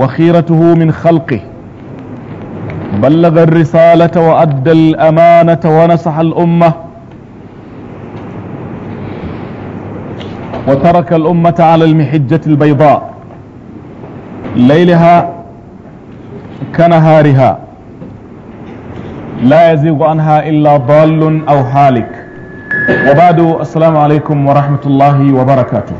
وخيرته من خلقه بلغ الرسالة وأدى الأمانة ونصح الأمة وترك الأمة على المحجة البيضاء ليلها كنهارها لا يزيغ عنها إلا ضال أو هالك وبعد السلام عليكم ورحمة الله وبركاته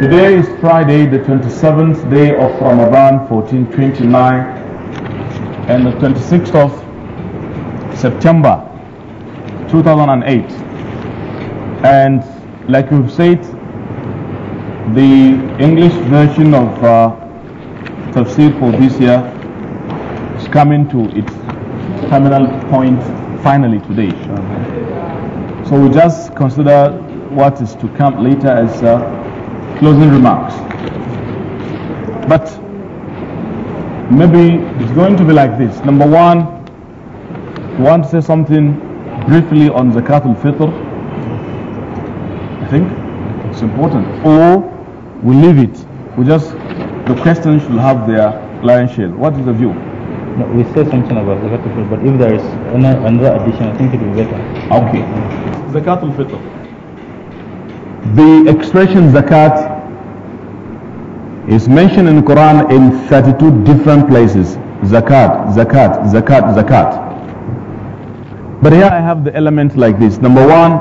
Today is Friday, the 27th day of Ramadan 1429 and the 26th of September 2008. And like we've said, the English version of uh, Tafsir for this year is coming to its terminal point finally today. So we just consider what is to come later as uh, closing remarks. But maybe it's going to be like this. Number one, you want to say something briefly on Zakat al-Fitr? I think it's important. Or we leave it. We just, the questions should have their lion share. What is the view? No, we say something about Zakat al-Fitr, but if there is another addition, I think it will be better. Okay. Zakat al-Fitr the expression zakat is mentioned in Quran in 32 different places. Zakat, zakat, zakat, zakat. But here I have the elements like this. Number one,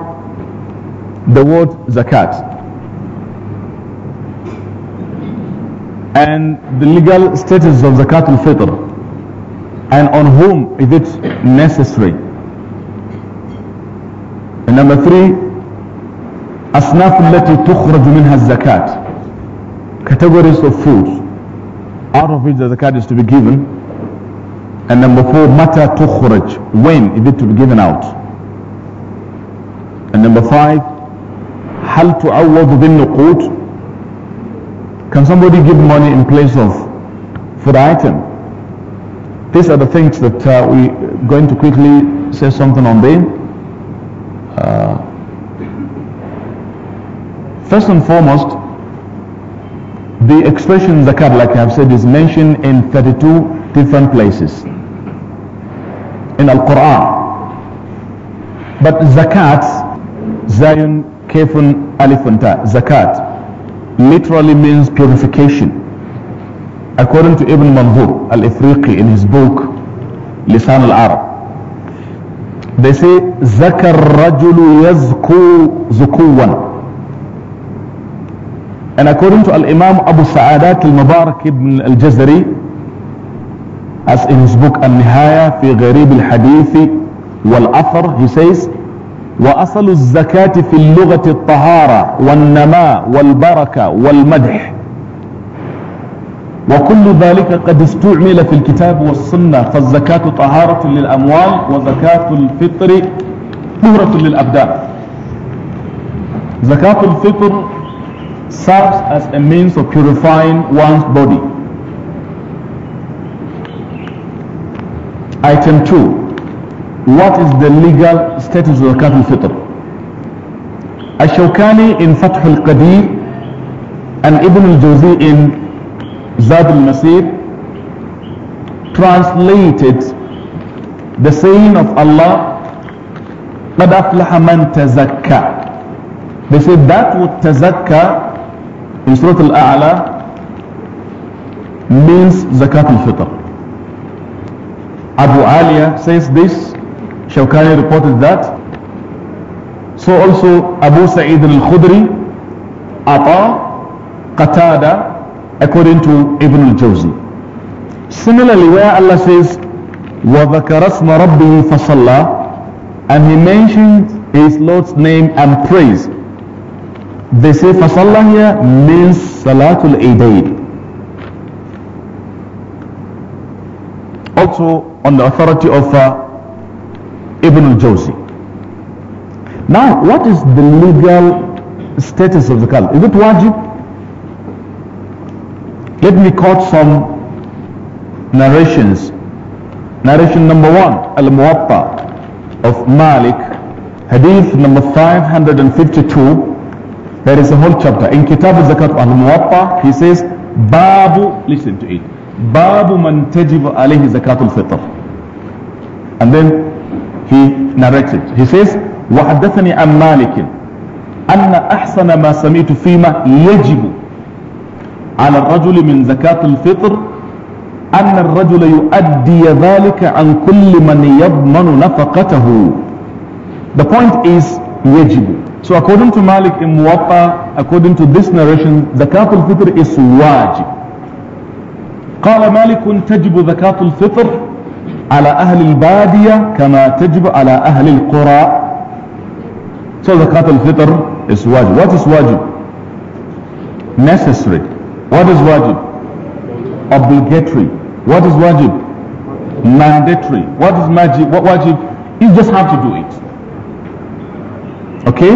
the word zakat. And the legal status of zakat al-fitr. And on whom is it necessary. And number three, أصناف التي تخرج منها الزكاة categories of foods out of which the zakat is to be given and number four متى تخرج when is it to be given out and number five هل تعوض بالنقود can somebody give money in place of for the item these are the things that uh, we're going to quickly say something on them First and foremost, the expression zakat, like I have said, is mentioned in 32 different places in Al-Quran. But zakat, zayun Kefun, Alifunta, zakat, literally means purification. According to Ibn Manzur al-Ifriqi in his book, Lisan al-Arab, they say, ذَكَ الرَّجُلُ يَزْكُو زُكُوًا And according to Al-Imam Abu Sa'adat Al-Mubarak Ibn Al-Jazari, as in his book Al-Nihaya fi Gharib al hadith wal-Athar, he says, وأصل الزكاة في اللغة الطهارة والنماء والبركة والمدح وكل ذلك قد استعمل في الكتاب والسنة فالزكاة طهارة للأموال وزكاة الفطر طهرة للأبدان زكاة الفطر serves as a means of purifying one's body. Item 2. What is the legal status of the al-Fitr? الشوكاني in al القدير and Ibn al-Jawzi in Zad al-Masir translated the saying of Allah قد أفلح من تزكى they said that would tazakka in Surah Al-A'la means Zakat fitr Abu Aliya says this, Shawkani reported that. So also Abu Sa'id al-Khudri, Ata, Qatada, according to Ibn al-Jawzi. Similarly, where Allah says, وَذَكَرَ اسْمَ رَبِّهِ فَصَلَّى And he mentioned his Lord's name and praised. They say Fasallah here means صلاة العيدين. Also on the authority of uh, Ibn al-Jawzi. Now what is the legal status of the caliph? Is it wajib? Let me quote some narrations. Narration number one, Al-Muwatta of Malik, Hadith number 552. There is a whole chapter. In Kitab al-Zakat al-Muwatta, he says, Babu, listen to it. Babu man tajib alayhi zakat al-fitr. And then he narrates it. He says, وحدثني عن مالك أن أحسن ما سمعت فيما يجب على الرجل من زكاة الفطر أن الرجل يؤدي ذلك عن كل من يضمن نفقته. The point is يجب So according to Malik in Muwatta, according to this narration, zakat al-fitr is wajib. قال مالك تجب زكاة الفطر على أهل البادية كما تجب على أهل القرى So zakat al-fitr is wajib. What is wajib? Necessary. What is wajib? Obligatory. What is wajib? Mandatory. What is wajib? What wajib? You just have to do it. Okay?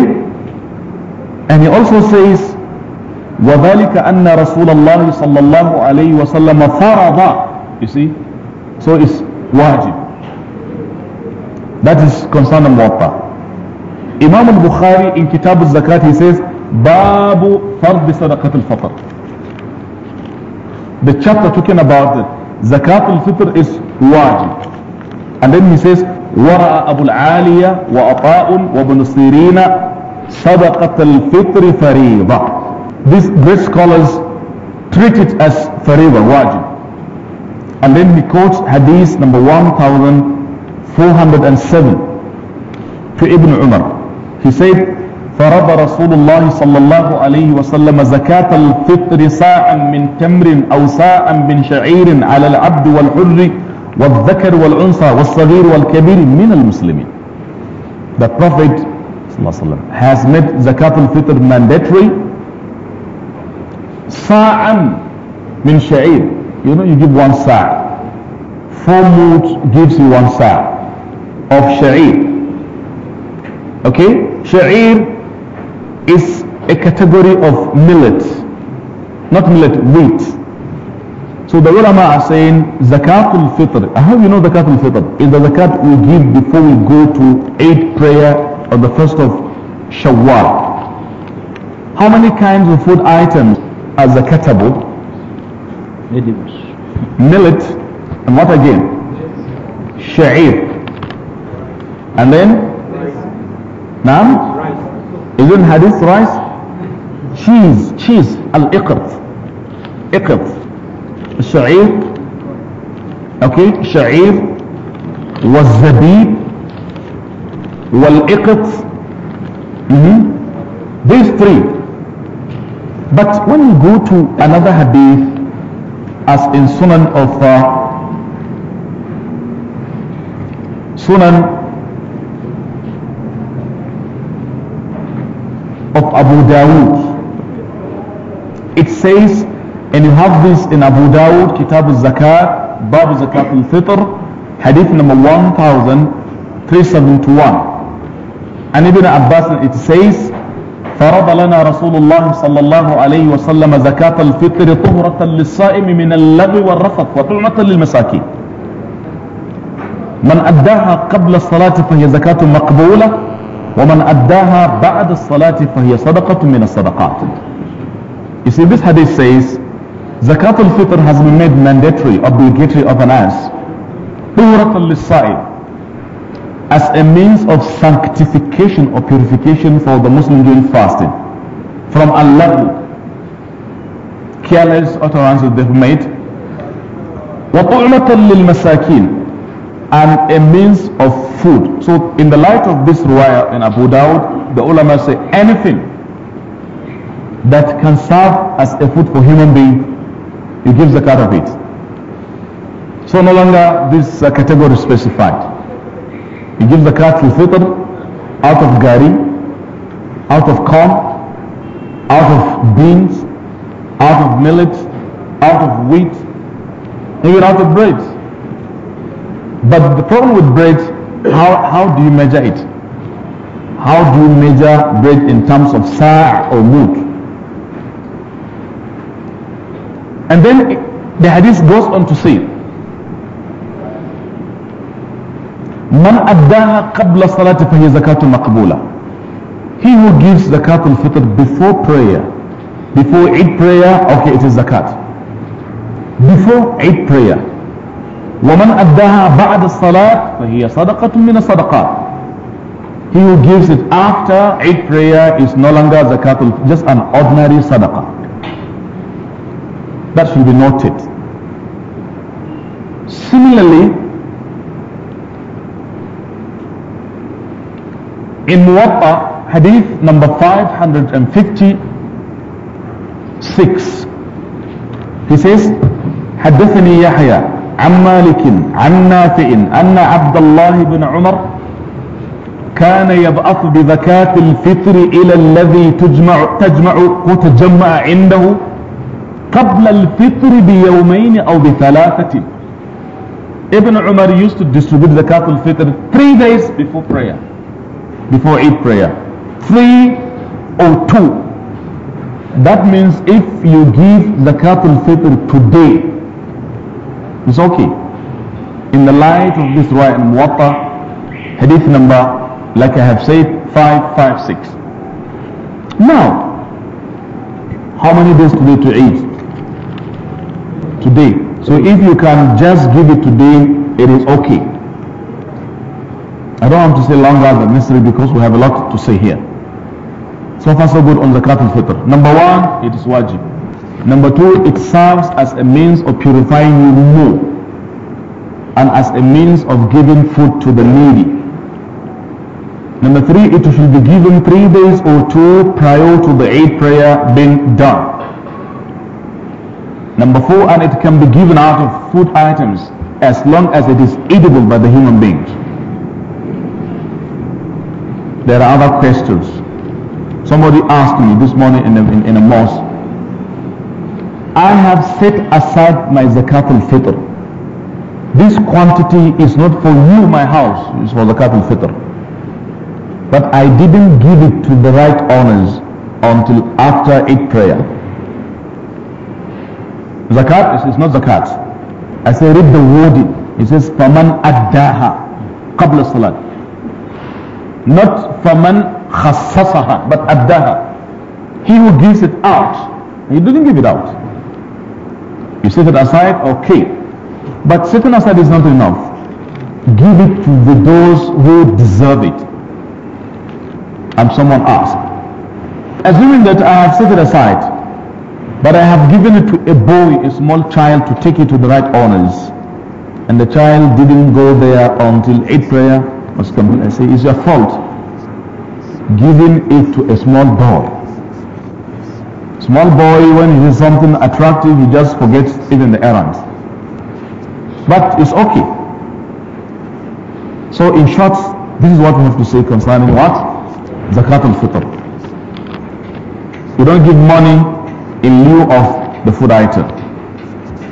And he also says, وَذَلِكَ أَنَّ رَسُولَ اللَّهِ صَلَّى اللَّهُ عَلَيْهِ وَسَلَّمَ فَرَضَ You see? So it's wajib. That is concern number one Imam al-Bukhari in Kitab al-Zakat he says, بَابُ فَرْضِ صَدَقَةِ الْفَطَرِ The chapter talking about it, Zakat al-Fitr is wajib. And then he says, ورأى أبو العالية وعطاء وابن سيرين صدقة الفطر فريضة this, this scholars treat it as فريضة واجب and then he quotes hadith number 1407 to Ibn Umar he said فرض رسول الله صلى الله عليه وسلم زكاة الفطر ساعا من تمر أو ساعا من شعير على العبد والحر والذكر والأنثى والصغير والكبير من المسلمين the Prophet وسلم, has made zakat al-fitr mandatory sa'an min sha'ir you know you give one sa' four moods gives you one sa' of sha'ir okay sha'ir is a category of millet not millet wheat So the ulama are saying zakatul fitr. How do you know zakatul fitr? Is the zakat we give before we go to Eid prayer on the first of Shawwal. How many kinds of food items are zakatable? Millet and what again? Sha'ir. And then? Naam? Isn't hadith rice? Cheese. Cheese. Al-iqrt. Iqrt. الشعير اوكي الشعير والزبيب والإقط mm -hmm. these three but when you go to another hadith as in Sunan of uh, Sunan of Abu Dawud it says And you have this in Abu Dawud, Kitab al-Zakat, Bab al-Zakat al-Fitr, Hadith number 1371. And Ibn Abbas, it says, فرض لنا رسول الله صلى الله عليه وسلم زكاة الفطر طهرة للصائم من اللغو والرفث وطعمة للمساكين من أداها قبل الصلاة فهي زكاة مقبولة ومن أداها بعد الصلاة فهي صدقة من الصدقات You see this hadith says Zakat al-Fitr has been made mandatory, obligatory upon us. As a means of sanctification or purification for the Muslim during fasting. From Allah, careless utterances they've made. وَطُعْمَةً لِلْمَسَاكِينَ and a means of food. So in the light of this riwayah in Abu Dawud, the ulama say anything that can serve as a food for human being he gives the zakat of it. So no longer this uh, category specified. he gives the zakat to fitr out of gari, out of corn, out of beans, out of millet, out of wheat, even out of bread. But the problem with bread, how, how do you measure it? How do you measure bread in terms of sa' or mood? And then the hadith goes on to say, من أداها قبل صلاة فهي زكاة مقبولة. He who gives zakat al-fitr before prayer, before Eid prayer, okay, it is zakat. Before Eid prayer. ومن أداها بعد الصلاة فهي صدقة من الصدقات. He who gives it after Eid prayer is no longer zakat, just an ordinary sadaqah. That should be noted. Similarly, in Muwatta, hadith number 556, he says, حدثني يحيى عن مالك عن نافع أن عبد الله بن عمر كان يبعث بذكاة الفطر إلى الذي تجمع تجمع وتجمع عنده قبل الفطر بيومين أو بثلاثة Ibn Umar used to distribute zakat al-fitr three days before prayer, before Eid prayer. Three or two. That means if you give zakat al-fitr today, it's okay. In the light of this right and muwatta, hadith number, like I have said, 556. Now, how many days today to Eid? today. So if you can just give it today, it is okay. I don't want to say longer than necessary because we have a lot to say here. So far so good on Zakat al-Fitr. Number one, it is wajib. Number two, it serves as a means of purifying you more and as a means of giving food to the needy. Number three, it should be given three days or two prior to the Eid prayer being done. Number four, and it can be given out of food items as long as it is edible by the human beings. There are other questions. Somebody asked me this morning in a, in, in a mosque, I have set aside my zakat al-fitr. This quantity is not for you, my house, it's for zakat al-fitr. But I didn't give it to the right owners until after Eid prayer. Zakat is, not zakat. I say read the wording. It says faman addaha qabla salat. Not faman khassasaha but addaha. He who gives it out. He doesn't give it out. You set it aside, okay. But setting aside is not enough. Give it to the, those who deserve it. And someone asked. Assuming that I have set it aside, but I have given it to a boy, a small child, to take it to the right owners. And the child didn't go there until eight prayer was complete. I say, it's your fault. Giving it to a small boy. Small boy, when he sees something attractive, he just forgets even the errand. But it's okay. So in short, this is what we have to say concerning what? Zakat al-Fitr. You don't give money in lieu of the food item.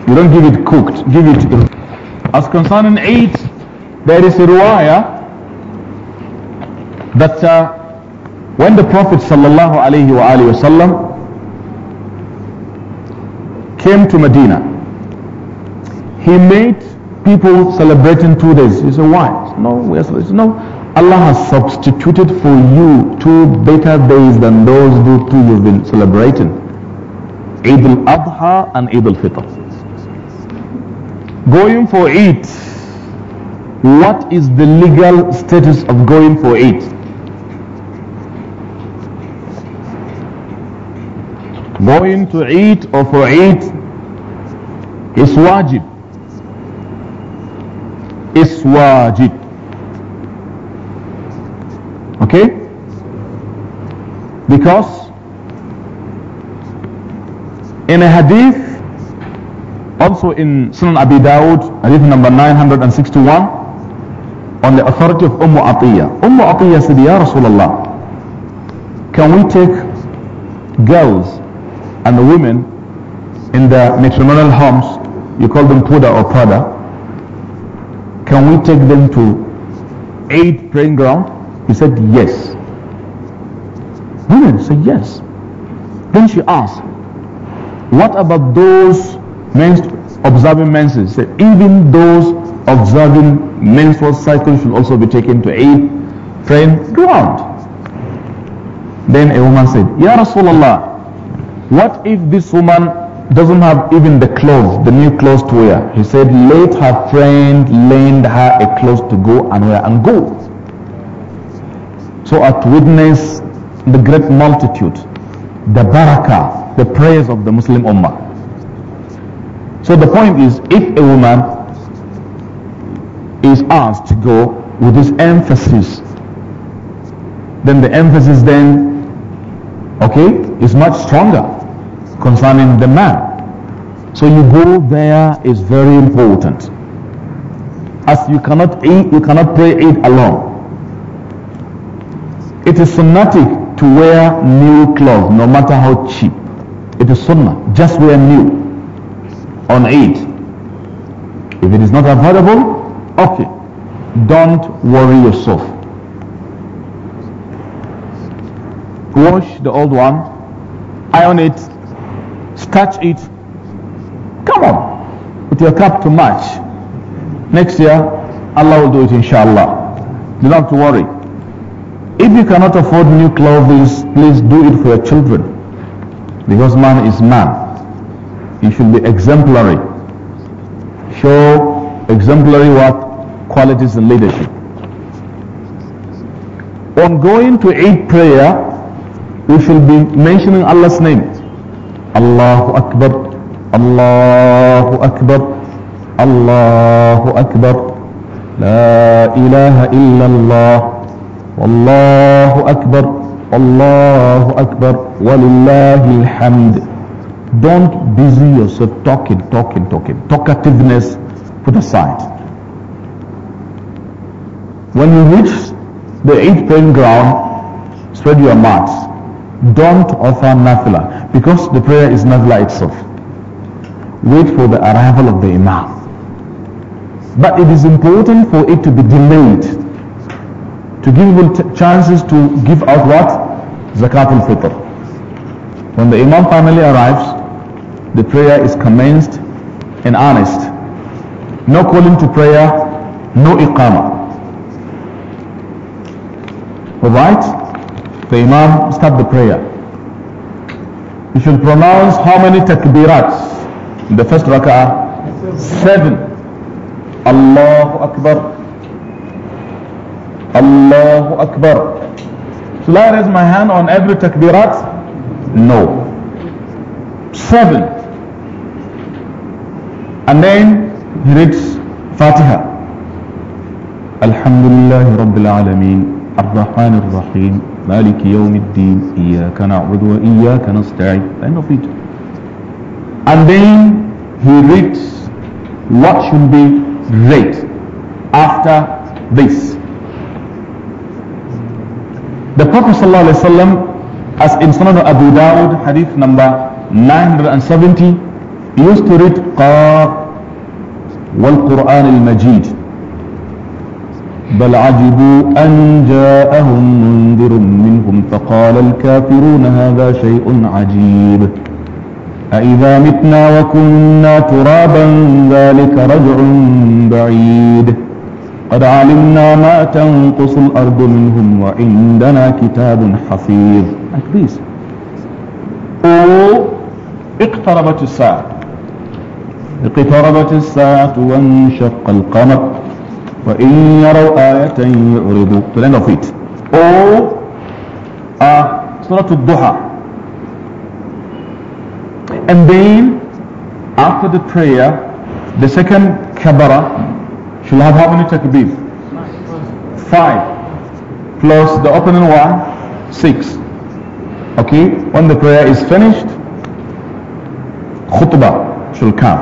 You don't give it cooked, give it. As concerning eat, there is a ruwaya that uh, when the Prophet sallallahu alaihi wasallam came to Medina, he made people celebrating two days. He said, why? No, No, Allah has substituted for you two better days than those two you've been celebrating. Eid al-Adha and Eid al-Fitr. Going for Eid, what is the legal status of going for Eid? Going to Eid or for Eid is wajib. Is wajib. Okay? Because in a hadith, also in Sunan Abi Dawud, hadith number 961, on the authority of Umm Atiyah. Umm Atiyah said, Ya Rasulullah, can we take girls and the women in the matrimonial homes, you call them Puda or Prada, can we take them to aid praying ground? He said, yes. Women said yes. Then she asked, what about those mens observing menses? even those observing menstrual cycles should also be taken to Friend, praying ground. Then a woman said, Ya Rasulullah, what if this woman doesn't have even the clothes, the new clothes to wear? He said, let her friend lend her a clothes to go and wear and go. So at witness the great multitude, the barakah the prayers of the Muslim Ummah. So the point is, if a woman is asked to go with this emphasis, then the emphasis then, okay, is much stronger concerning the man. So you go there is very important. As you cannot eat, you cannot pray it alone. It is sunnatic to wear new clothes, no matter how cheap. It is sunnah. Just wear new on Eid. If it is not available, okay. Don't worry yourself. Wash the old one, iron it, scratch it. Come on, with your cap to match. Next year, Allah will do it inshallah. Do not worry. If you cannot afford new clothes, please do it for your children. Because man is man. He should be exemplary. Show exemplary what? Qualities in leadership. On going to Eid prayer, we should be mentioning Allah's name. Allahu Akbar, Allahu Akbar, Allahu Akbar, La ilaha illallah, Wallahu Akbar. Allah Akbar, Walillahi alhamd. Don't busy yourself talking, talking, talking. Talkativeness put aside. When you reach the eighth praying ground, spread your mats. Don't offer nafila because the prayer is nafila itself. Wait for the arrival of the imam. But it is important for it to be delayed to give people chances to give out what? zakat Zakatul Fitr. When the Imam finally arrives, the prayer is commenced in earnest. No calling to prayer, no iqama. Alright? The Imam start the prayer. You should pronounce how many takbirats in the first rak'ah? Seven. Allahu Akbar. Allahu Akbar. Shall I raise my hand on every takbirat? No. Seven. And then he reads Fatiha. Alhamdulillah Rabbil Alameen. Ar-Rahman Ar-Rahim. مالك يوم الدين إياك نعبد وإياك نستعين end of it and then he reads what should be read after this The Prophet wasallam as in Sunan Abu Dawud, hadith number 970, used to read Qaf والقرآن المجيد بل عجبوا أن جاءهم منذر منهم فقال الكافرون هذا شيء عجيب أإذا متنا وكنا ترابا ذلك رجع بعيد قد علمنا ما تنقص الأرض منهم وعندنا كتاب حفيظ أكبيس أو اقتربت الساعة اقتربت الساعة وانشق القمر وإن يروا آية يعرضوا تلين the أو آه سورة الضحى and then after the prayer the second kabara should have how many takbir? Five. Plus the opening one, six. Okay, when the prayer is finished, khutbah should come.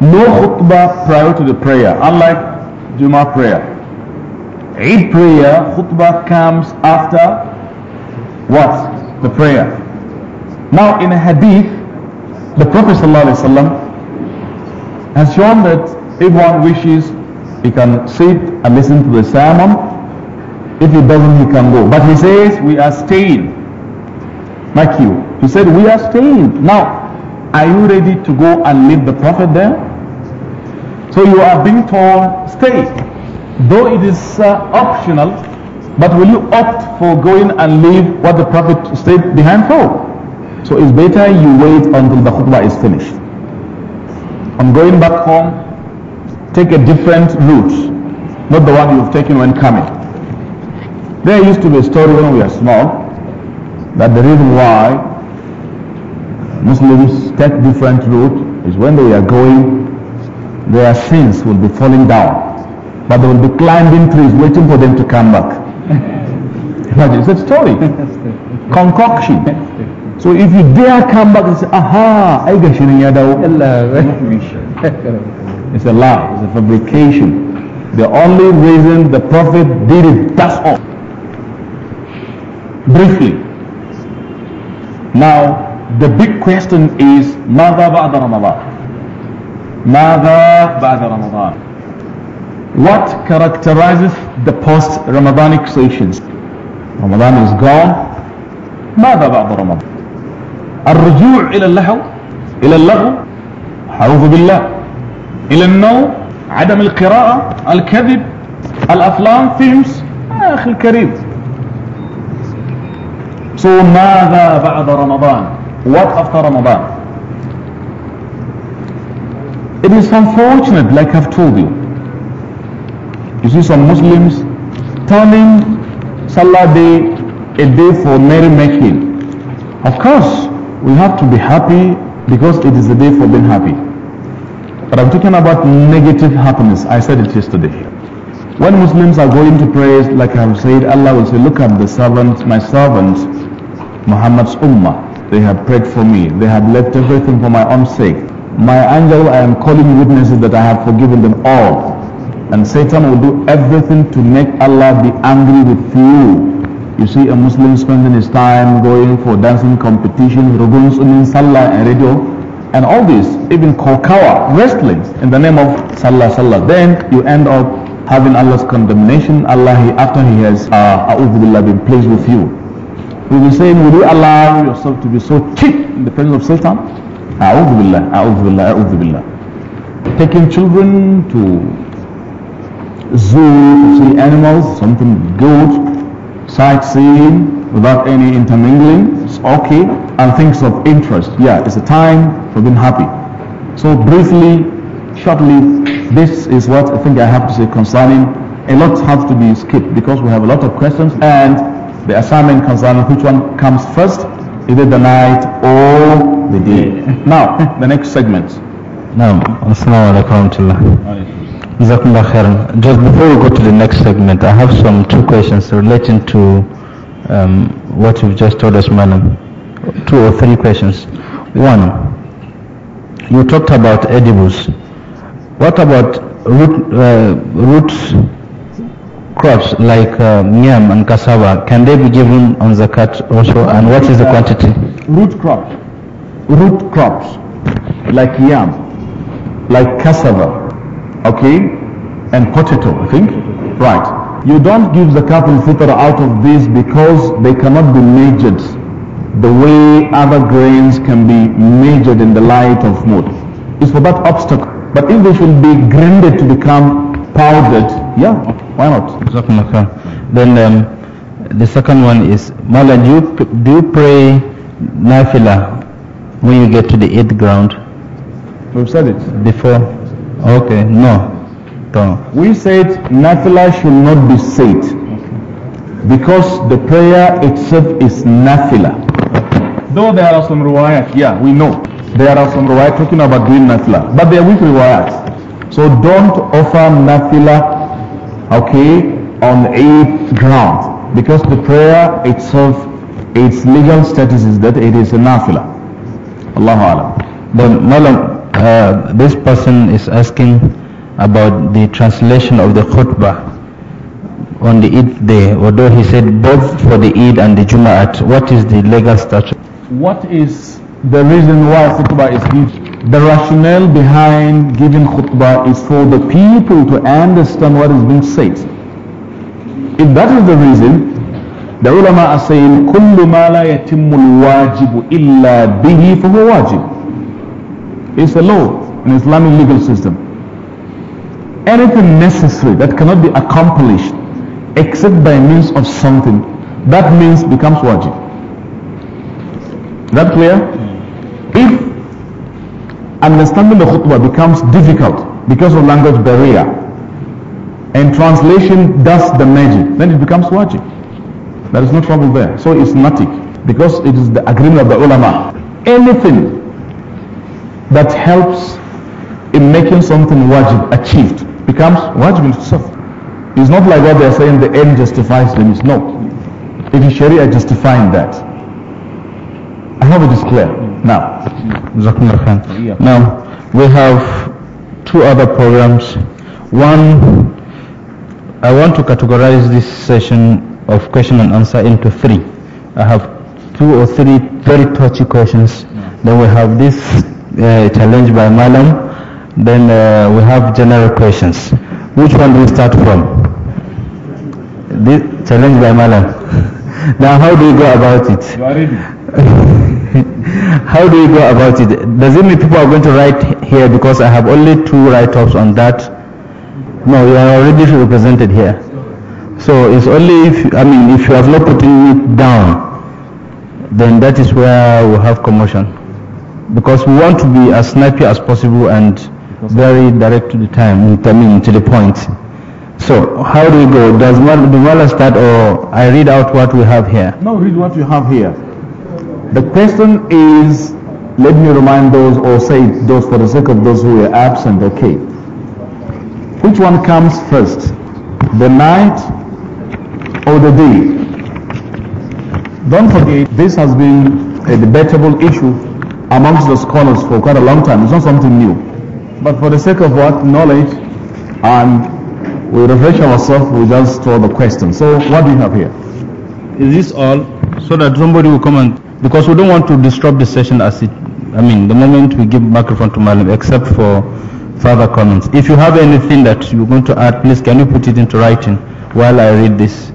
No khutbah prior to the prayer, unlike Juma prayer. Eid prayer, khutbah comes after what? The prayer. Now in a hadith, the Prophet ﷺ has shown that if one wishes, he can sit and listen to the sermon. If he doesn't, he can go. But he says, we are staying. like you. He said, we are staying. Now, are you ready to go and leave the prophet there? So you are being told, stay. Though it is uh, optional, but will you opt for going and leave what the prophet stayed behind for? So it's better you wait until the khutbah is finished. I'm going back home take a different route, not the one you've taken when coming. There used to be a story when we were small that the reason why Muslims take different route is when they are going, their sins will be falling down, but they will be climbing trees waiting for them to come back. Imagine, it's a story, concoction. So if you dare come back and say, aha, I got you It's a lie. It's a fabrication. The only reason the Prophet did it, that's all. Briefly. Now, the big question is, ماذا بعد رمضان? ماذا بعد رمضان? What characterizes the post-Ramadanic sessions? Ramadan is gone. ماذا بعد رمضان؟ الرجوع إلى اللهو إلى اللغو أعوذ بالله الى النوم عدم القراءة الكذب الافلام فيمس يا اخي الكريم صوم ماذا بعد رمضان what after Ramadan it is unfortunate like I've told you you see some Muslims turning Salah day a day for merrymaking of course we have to be happy because it is a day for being happy But I'm talking about negative happiness. I said it yesterday. When Muslims are going to pray, like I've said, Allah will say, look at the servants, my servants, Muhammad's ummah. They have prayed for me. They have left everything for my own sake. My angel, I am calling witnesses that I have forgiven them all. And Satan will do everything to make Allah be angry with you. You see a Muslim spending his time going for dancing competition, ruguns, salah and radio and all this, even kokawa, wrestlings in the name of Salah Salah. then you end up having Allah's condemnation, Allah he, after He has uh, been pleased with you. We will be saying, will you allow yourself to be so cheap in the presence of Satan? A'udhu billah, a'udhu billah, billah. Taking children to zoo to see animals, something good, sightseeing without any intermingling, it's okay and things of interest. Yeah, it's a time for being happy. So briefly, shortly, this is what I think I have to say concerning a lot has to be skipped because we have a lot of questions and the assignment concerning which one comes first, either the night or the day. now, the next segment. Now, alaikum just before we go to the next segment, I have some two questions relating to um, what you've just told us, madam two or three questions. One, you talked about edibles. What about root, uh, roots crops like uh, yam and cassava? Can they be given on zakat also? And what is the quantity? Root crops, root crops like yam, like cassava, okay, and potato. I think, right. You don't give zakat capital fitr out of these because they cannot be measured the way other grains can be measured in the light of mud It's for that obstacle. But if they should be grinded to become powdered, yeah, why not? Then um, the second one is, Mala, do you, do you pray nafila when you get to the eighth ground? We've said it. Before? Okay, no. no. We said nafila should not be said because the prayer itself is nafila. Though there are some riwayat, yeah, we know. There are some riwayat talking about doing nafila, but they are weak riwayat. So don't offer nafila, okay, on eight grounds. Because the prayer itself, its legal status is that it is a nafila. Allahu Alam. But Malam, uh, this person is asking about the translation of the khutbah on the Eid day, although he said both for the Eid and the Jum'at, what is the legal status? What is the reason why khutbah is given? The rationale behind giving khutbah is for the people to understand what is being said. If that is the reason, the ulama are saying, كل ما لا يتم الواجب إلا به فهو واجب. It's a law in Islamic legal system. Anything necessary that cannot be accomplished except by means of something, that means becomes wajib. Is that clear? If understanding the khutbah becomes difficult because of language barrier and translation does the magic, then it becomes wajib. There is no trouble there. So it's natik because it is the agreement of the ulama. Anything that helps in making something wajib achieved becomes wajib in itself. It's not like what they're saying the end justifies the means. No. It is Sharia justifying that. I hope it is clear. Now, now we have two other programs. One, I want to categorize this session of question and answer into three. I have two or three very touchy questions. Then we have this uh, challenge by Malam. Then uh, we have general questions. Which one do we start from? This challenge by Malam. now, how do we go about it? How do you go about it? Does it mean people are going to write here because I have only two write-ups on that? No, you are already represented here. So it's only if, I mean, if you have not putting it down, then that is where we have commotion. Because we want to be as snappy as possible and very direct to the time, I mean, to the point. So how do we go? Does Mala start or I read out what we have here? No, read what you have here. The question is, let me remind those or say those for the sake of those who were absent, okay. Which one comes first, the night or the day? Don't forget, this has been a debatable issue amongst the scholars for quite a long time. It's not something new. But for the sake of what knowledge and we refresh ourselves, we just throw the question. So what do you have here? Is this all? So that somebody will come and because we don't want to disrupt the session as it, I mean, the moment we give microphone to Malim, except for further comments. If you have anything that you're going to add, please can you put it into writing while I read this?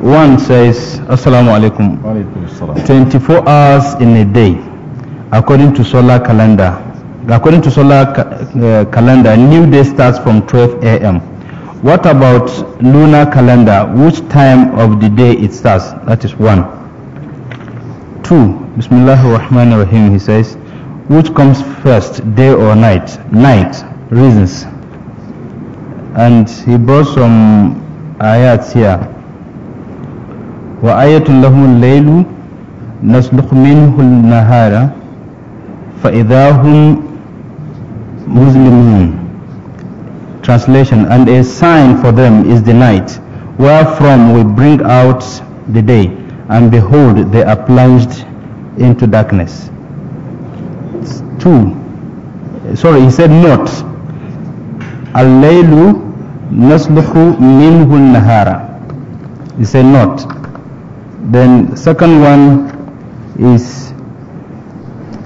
One says, Assalamu alaikum. 24 hours in a day, according to solar calendar. According to solar ca uh, calendar, new day starts from 12 a.m. What about lunar calendar? Which time of the day it starts? That is one. 2 bismillah rahman rahim he says which comes first day or night night reasons and he brought some ayats here وآية لهم الليل نسلخ منه النهار فإذا هم مظلمون Translation And a sign for them is the night wherefrom we bring out the day and behold, they are plunged into darkness. Two. Sorry, he said not. Al-laylu nasluhu minhu nahara. He said not. Then second one is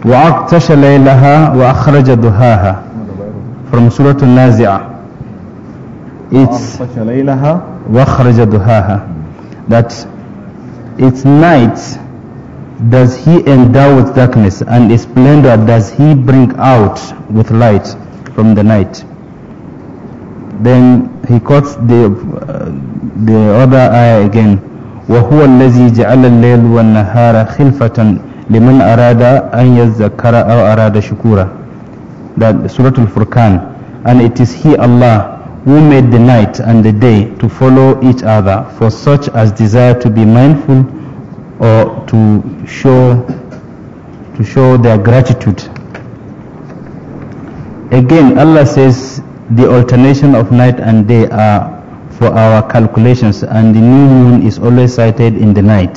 وَعَقْتَشَ wa وَأَخْرَجَ دُهَاهَا From Surah Al-Nazi'ah. It's وَأَخْرَجَ دُهَاهَا That's its night does he endow with darkness, and its splendor does he bring out with light from the night. Then he quotes the, uh, the other ayah again. وهو الذي جعل الليل والنهار خلفة لمن أراد أن يذكر أو أراد شكورا. That Surah Al-Furqan. And it is he Allah who made the night and the day to follow each other for such as desire to be mindful or to show to show their gratitude again Allah says the alternation of night and day are for our calculations and the new moon is always sighted in the night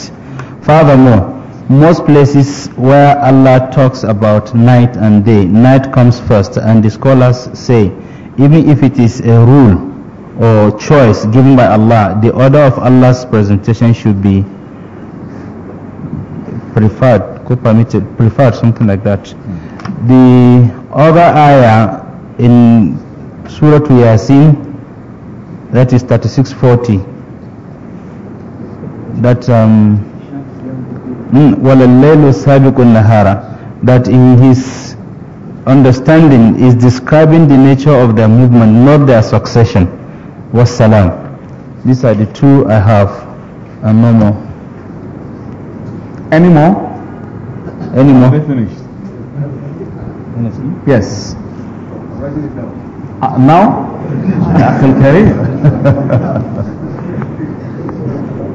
furthermore most places where Allah talks about night and day night comes first and the scholars say even if it is a rule or choice given by Allah, the order of Allah's presentation should be preferred, co-permitted, preferred, something like that. The other ayah in Surah Yasin, that is 3640, that um, hmm, that in his understanding is describing the nature of their movement, not their succession. Wassalam. These are the two I have. And no more. Any more? Any more? finished. Yes. Uh, now? Akhil Karim.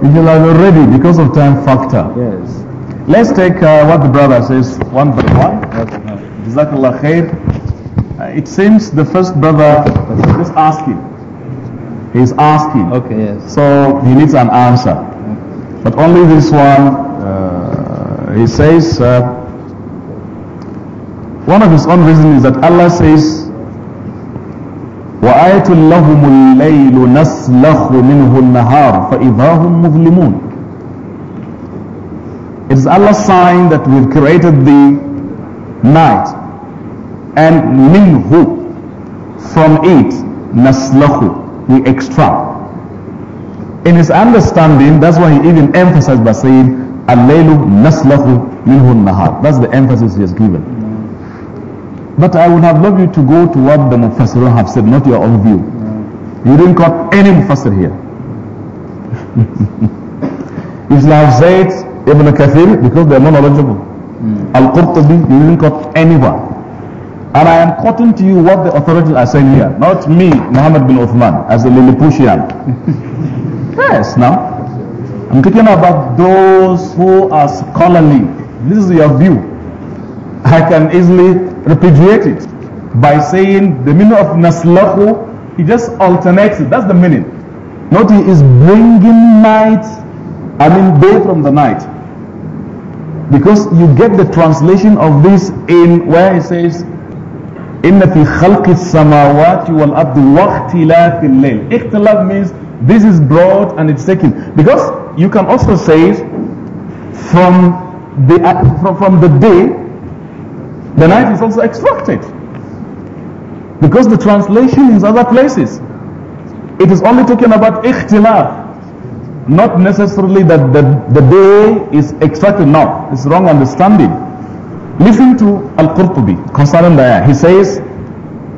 You have already because of time factor. Yes. Let's take uh, what the brother says one by one. Jazakallah khair. Uh, it seems the first brother is asking. He's asking. Okay, yes. So he needs an answer. But only this one, uh, he says, uh, one of his own reason is that Allah says, وآية لهم الليل نسلخ منه النهار فإذا هم مظلمون It is Allah's sign that we've created the night and minhu from it naslahu we extract in his understanding that's why he even emphasized by saying al-laylu naslahu minhu nahar that's the emphasis he has given but I would have loved you to go to what the Mufassirun have said not your own view you didn't quote any Mufassir here you should have said Ibn Kathir because they are non-knowledgeable hmm. Al-Qurtubi you didn't quote anyone and I am quoting to you what the authorities are saying here, not me, Muhammad bin Uthman, as a Lilliputian. yes, now. I'm talking about those who are scholarly. This is your view. I can easily repudiate it by saying the meaning of naslahu, he just alternates it. That's the meaning. Not he is bringing night, I mean day from the night. Because you get the translation of this in where it says إن في خلق السماوات والأرض واختلاف الليل اختلاف means this is broad and it's taken because you can also say from the uh, from, from the day the night is also extracted because the translation is other places it is only talking about ikhtilaf not necessarily that the, the day is extracted no it's wrong understanding Listen to Al-Qurtubi concerning the ayah. He says,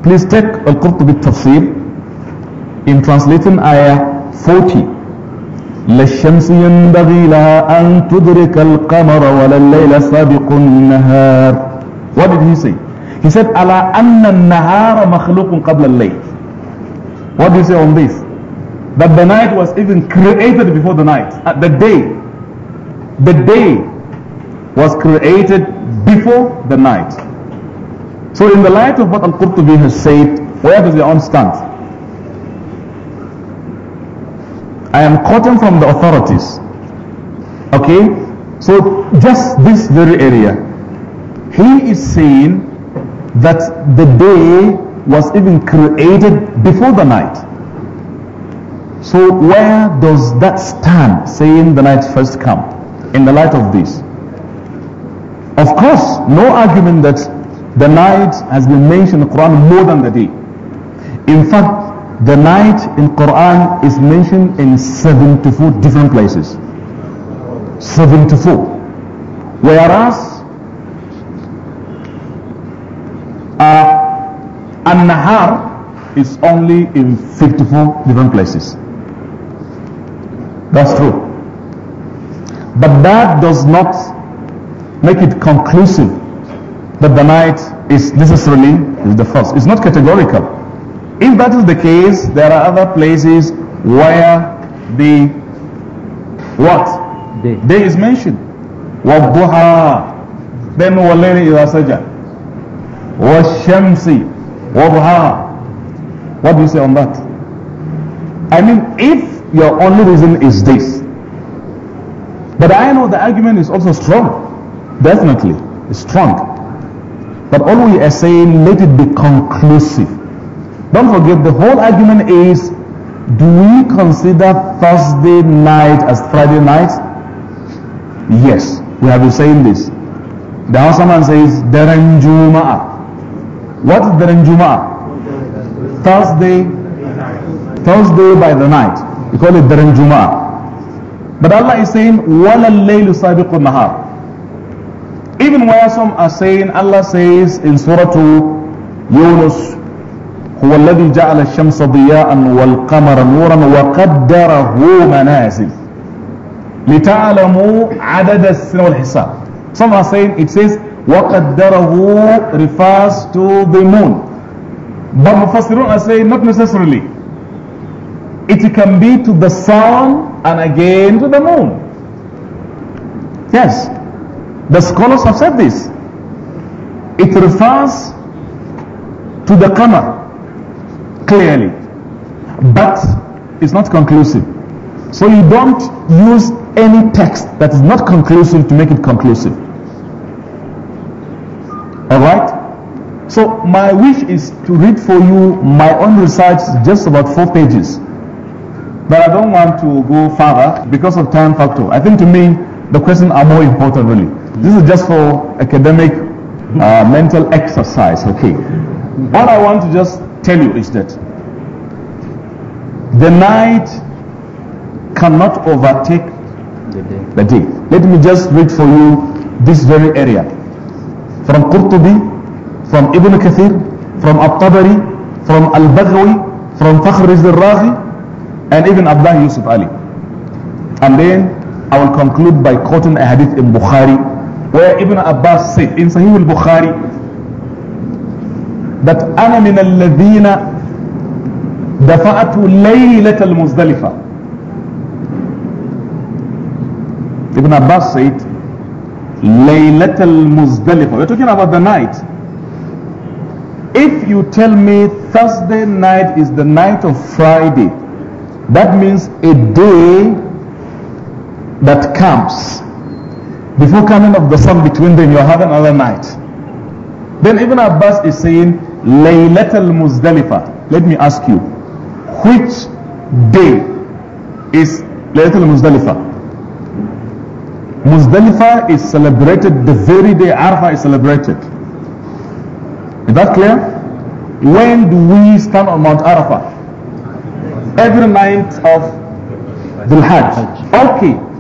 please take Al-Qurtubi tafsir in translating ayah 40. لا الشمس ينبغي لها أن تدرك القمر ولا الليل سابق النهار What did he say? He said على أن النهار مخلوق قبل الليل What do you say on this? That the night was even created before the night. Uh, the day. The day was created before the night. So in the light of what Al-Qurtubi has said, where does the on stand? I am quoting from the authorities. Okay? So just this very area. He is saying that the day was even created before the night. So where does that stand saying the night first come in the light of this? Of course, no argument that the night has been mentioned in Quran more than the day. In fact, the night in Quran is mentioned in 74 different places. 74. Whereas, uh, An-Nahar is only in 54 different places. That's true. But that does not make it conclusive that the night is necessarily is the first. It's not categorical. If that is the case, there are other places where the what? Day, Day is mentioned. وَالضُّحَى Then وَاللَّيْلِ إِذَا سَجَى وَالشَّمْسِ What do you say on that? I mean, if your only reason is this, but I know the argument is also strong. Definitely, strong. But all we are saying, let it be conclusive. Don't forget, the whole argument is, do we consider Thursday night as Friday night? Yes, we have been saying this. Now someone says, Juma'ah. What is Daren Juma'ah? Thursday, Thursday by the night. We call it Daren Juma'ah. But Allah is saying, وَلَا اللَّيْلُ Sabiqun Nahar. Even where some are saying, Allah says in Surah 2, Yunus, هو الذي جعل الشمس ضياء والقمر نورا وقدره منازل لتعلموا عدد السنة والحساب. Some are saying it says وقدره refers to the moon. But Mufassirun are saying not necessarily. It can be to the sun and again to the moon. Yes. The scholars have said this. It refers to the qamar clearly, but it's not conclusive. So you don't use any text that is not conclusive to make it conclusive. Alright? So my wish is to read for you my own research, just about four pages. But I don't want to go further because of time factor. I think to me, the questions are more important really. This is just for academic uh, mental exercise, okay? What I want to just tell you is that the night cannot overtake the day. the day. Let me just read for you this very area. From Qurtubi, from Ibn Kathir, from At-Tabari, from Al-Baghawi, from Fakhr al-Razi, and even Abdullah Yusuf Ali. And then I will conclude by quoting a hadith in Bukhari where Ibn Abbas said in Sahih al-Bukhari that أنا من الذين دفعت ليلة muzdalifa. Ibn Abbas said ليلة muzdalifa. we're talking about the night if you tell me Thursday night is the night of Friday that means a day that comes before coming of the sun between them you have another night then even Abbas is saying Laylatul Muzdalifah let me ask you which day is Laylatul Muzdalifah Muzdalifah is celebrated the very day Arafah is celebrated is that clear when do we stand on Mount Arafah every night of the Hajj okay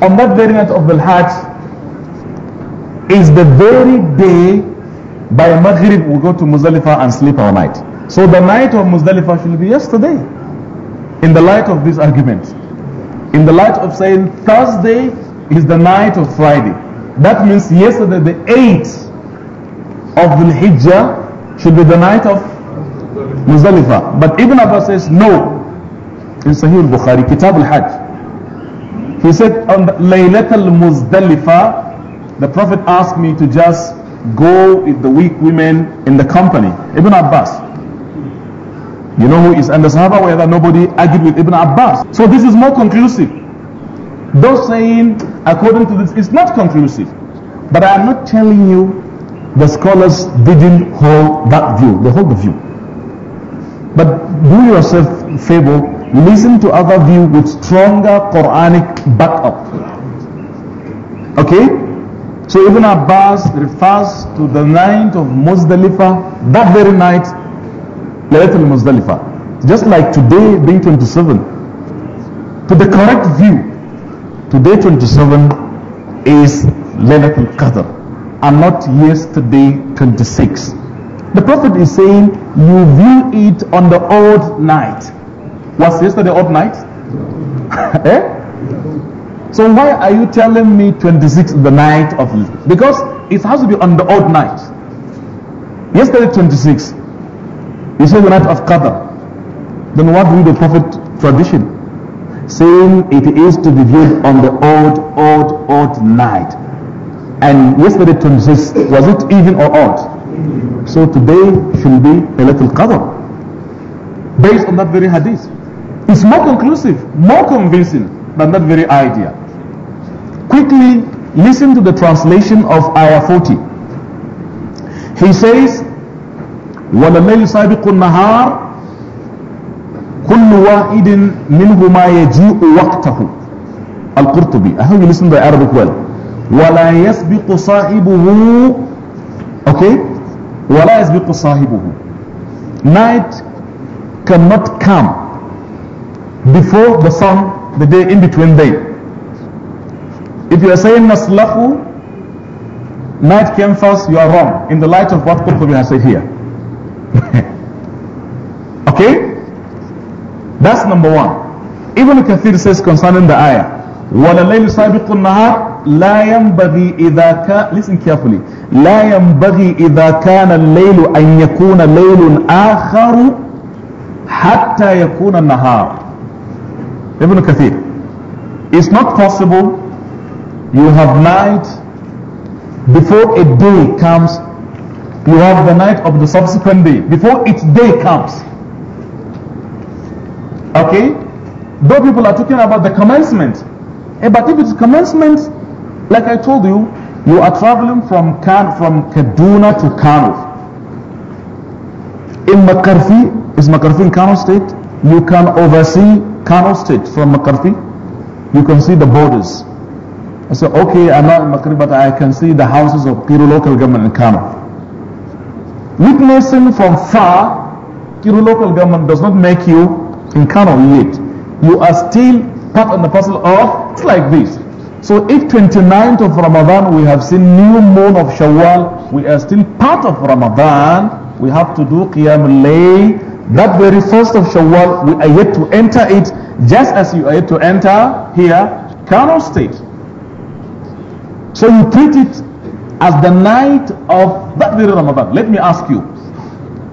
on that very night of the Hajj is the very day by Maghrib we go to Muzdalifah and sleep all night. So the night of Muzdalifah should be yesterday. In the light of this argument, in the light of saying Thursday is the night of Friday, that means yesterday the 8th of the Hijjah should be the night of Muzdalifah. But Ibn Abbas says no. In Sahih al-Bukhari, Kitab al-Hajj, he said on Laylatul Muzdalifah, the Prophet asked me to just go with the weak women in the company. Ibn Abbas. You know who is and the Sahaba whether nobody argued with Ibn Abbas. So this is more conclusive. Those saying according to this is not conclusive. But I am not telling you the scholars didn't hold that view. They hold the view. But do yourself favor listen to other view with stronger Quranic backup. Okay? So Ibn Abbas refers to the night of Muzdalifa, that very night, Laylatul Muzdalifah. Just like today being 27. To the correct view, today 27 is Laylatul Qadr and not yesterday 26. The Prophet is saying you view it on the old night. Was yesterday odd night? eh? So why are you telling me 26 the night of because it has to be on the odd night. Yesterday 26. You say the night of Qadr. Then what do the Prophet tradition? Saying it is to be viewed on the odd, odd, odd night. And yesterday 26, was it even or odd? So today should be a little Qadr. Based on that very hadith. is more conclusive, more convincing than that very idea. Quickly listen to the translation of Ayah 40. He says, وَلَلَّيْلُ سَابِقُ النَّهَارِ كل واحد منهما يجيء وقته القرطبي I hope you listen to the Arabic well ولا يسبق صاحبه okay ولا يسبق صاحبه night cannot come before the sun, the day in between day. If you are saying Naslahu, night came first, you are wrong. In the light of what Qurtubi has said here. okay? That's number one. Ibn Kathir says concerning the ayah, وَلَلَيْلُ سَابِقُ النَّهَارِ لَا يَنْبَغِي إِذَا كَانَ Listen carefully. لَا يَنْبَغِي إِذَا كَانَ اللَّيْلُ أَنْ يَكُونَ لَيْلٌ آخَرُ حَتَّى يَكُونَ النَّهَارُ Ibn Kathir. It's not possible you have night before a day comes. You have the night of the subsequent day before its day comes. Okay? Though people are talking about the commencement. Eh, but if it's commencement, like I told you, you are traveling from Kan from Kaduna to Kano. In Makarfi, is Makarfi in Kano state? You can oversee Kano State from McCarthy, you can see the borders. I said, okay, I'm not in McCarthy, but I can see the houses of Kiru local government in Kano. Witnessing from far, Kiru local government does not make you in Kano yet. You are still part and the parcel of, it's like this. So if 29th of Ramadan we have seen new moon of Shawwal, we are still part of Ramadan. We have to do Qiyam al that very first of Shawwal, we are yet to enter it just as you are yet to enter here, carnal state. So you treat it as the night of that very Ramadan. Let me ask you,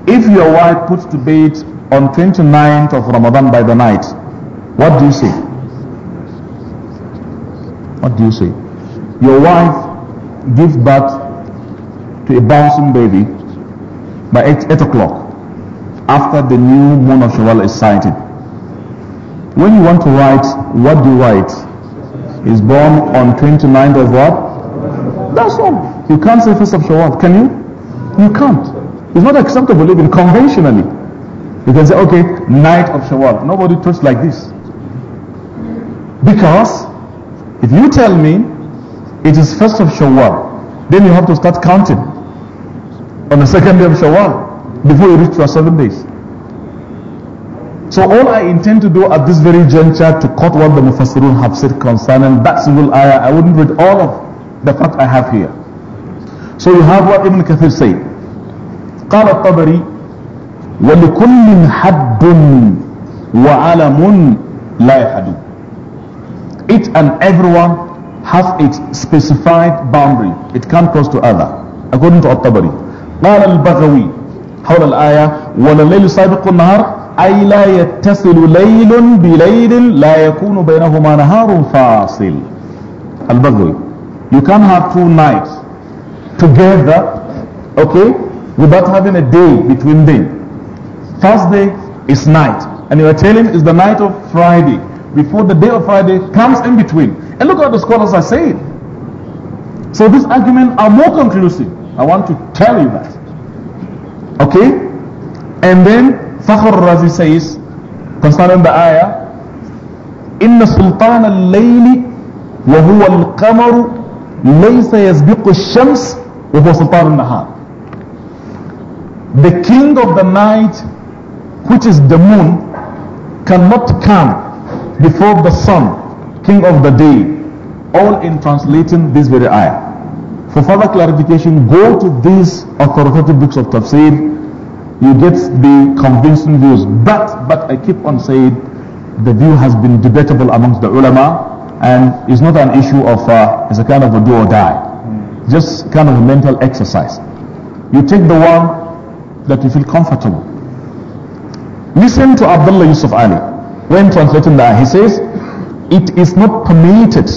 if your wife puts to bed on 29th of Ramadan by the night, what do you say? What do you say? Your wife gives birth to a bouncing baby by 8, 8 o'clock after the new moon of Shawwal is sighted. When you want to write, what do you write? He's born on 29th of what? That's all. You can't say 1st of Shawwal, can you? You can't. It's not acceptable even conventionally. You can say, okay, night of Shawwal. Nobody talks like this. Because if you tell me it is 1st of Shawwal, then you have to start counting on the second day of Shawwal. before you reach your seven days. So all I intend to do at this very juncture to cut what the Mufassirun have said concerning that single ayah, I wouldn't read all of the fact I have here. So you have what Ibn Kathir said. قال الطبري ولكل حد وعلم لا يحد Each and everyone has its specified boundary. It can't cross to other. According to At-Tabari. قال البغوي حول الآية ولا الليل سابق النهار أي لا يتصل ليل بليل لا يكون بينهما نهار فاصل البغوي you can have two nights together okay without having a day between them first day is night and you are telling is the night of Friday before the day of Friday comes in between and look what the scholars are saying so this argument are more conclusive I want to tell you that Okay? And then Fakhr Razi says concerning the ayah, إن سلطان الليل وهو القمر ليس يسبق الشمس وهو سلطان النهار. The king of the night, which is the moon, cannot come before the sun, king of the day. All in translating this very ayah. For further clarification, go to these authoritative books of tafsir. You get the convincing views. But, but I keep on saying the view has been debatable amongst the ulama and it's not an issue of, uh, it's a kind of a do or die. Just kind of a mental exercise. You take the one that you feel comfortable. Listen to Abdullah Yusuf Ali when translating that. He says, it is not permitted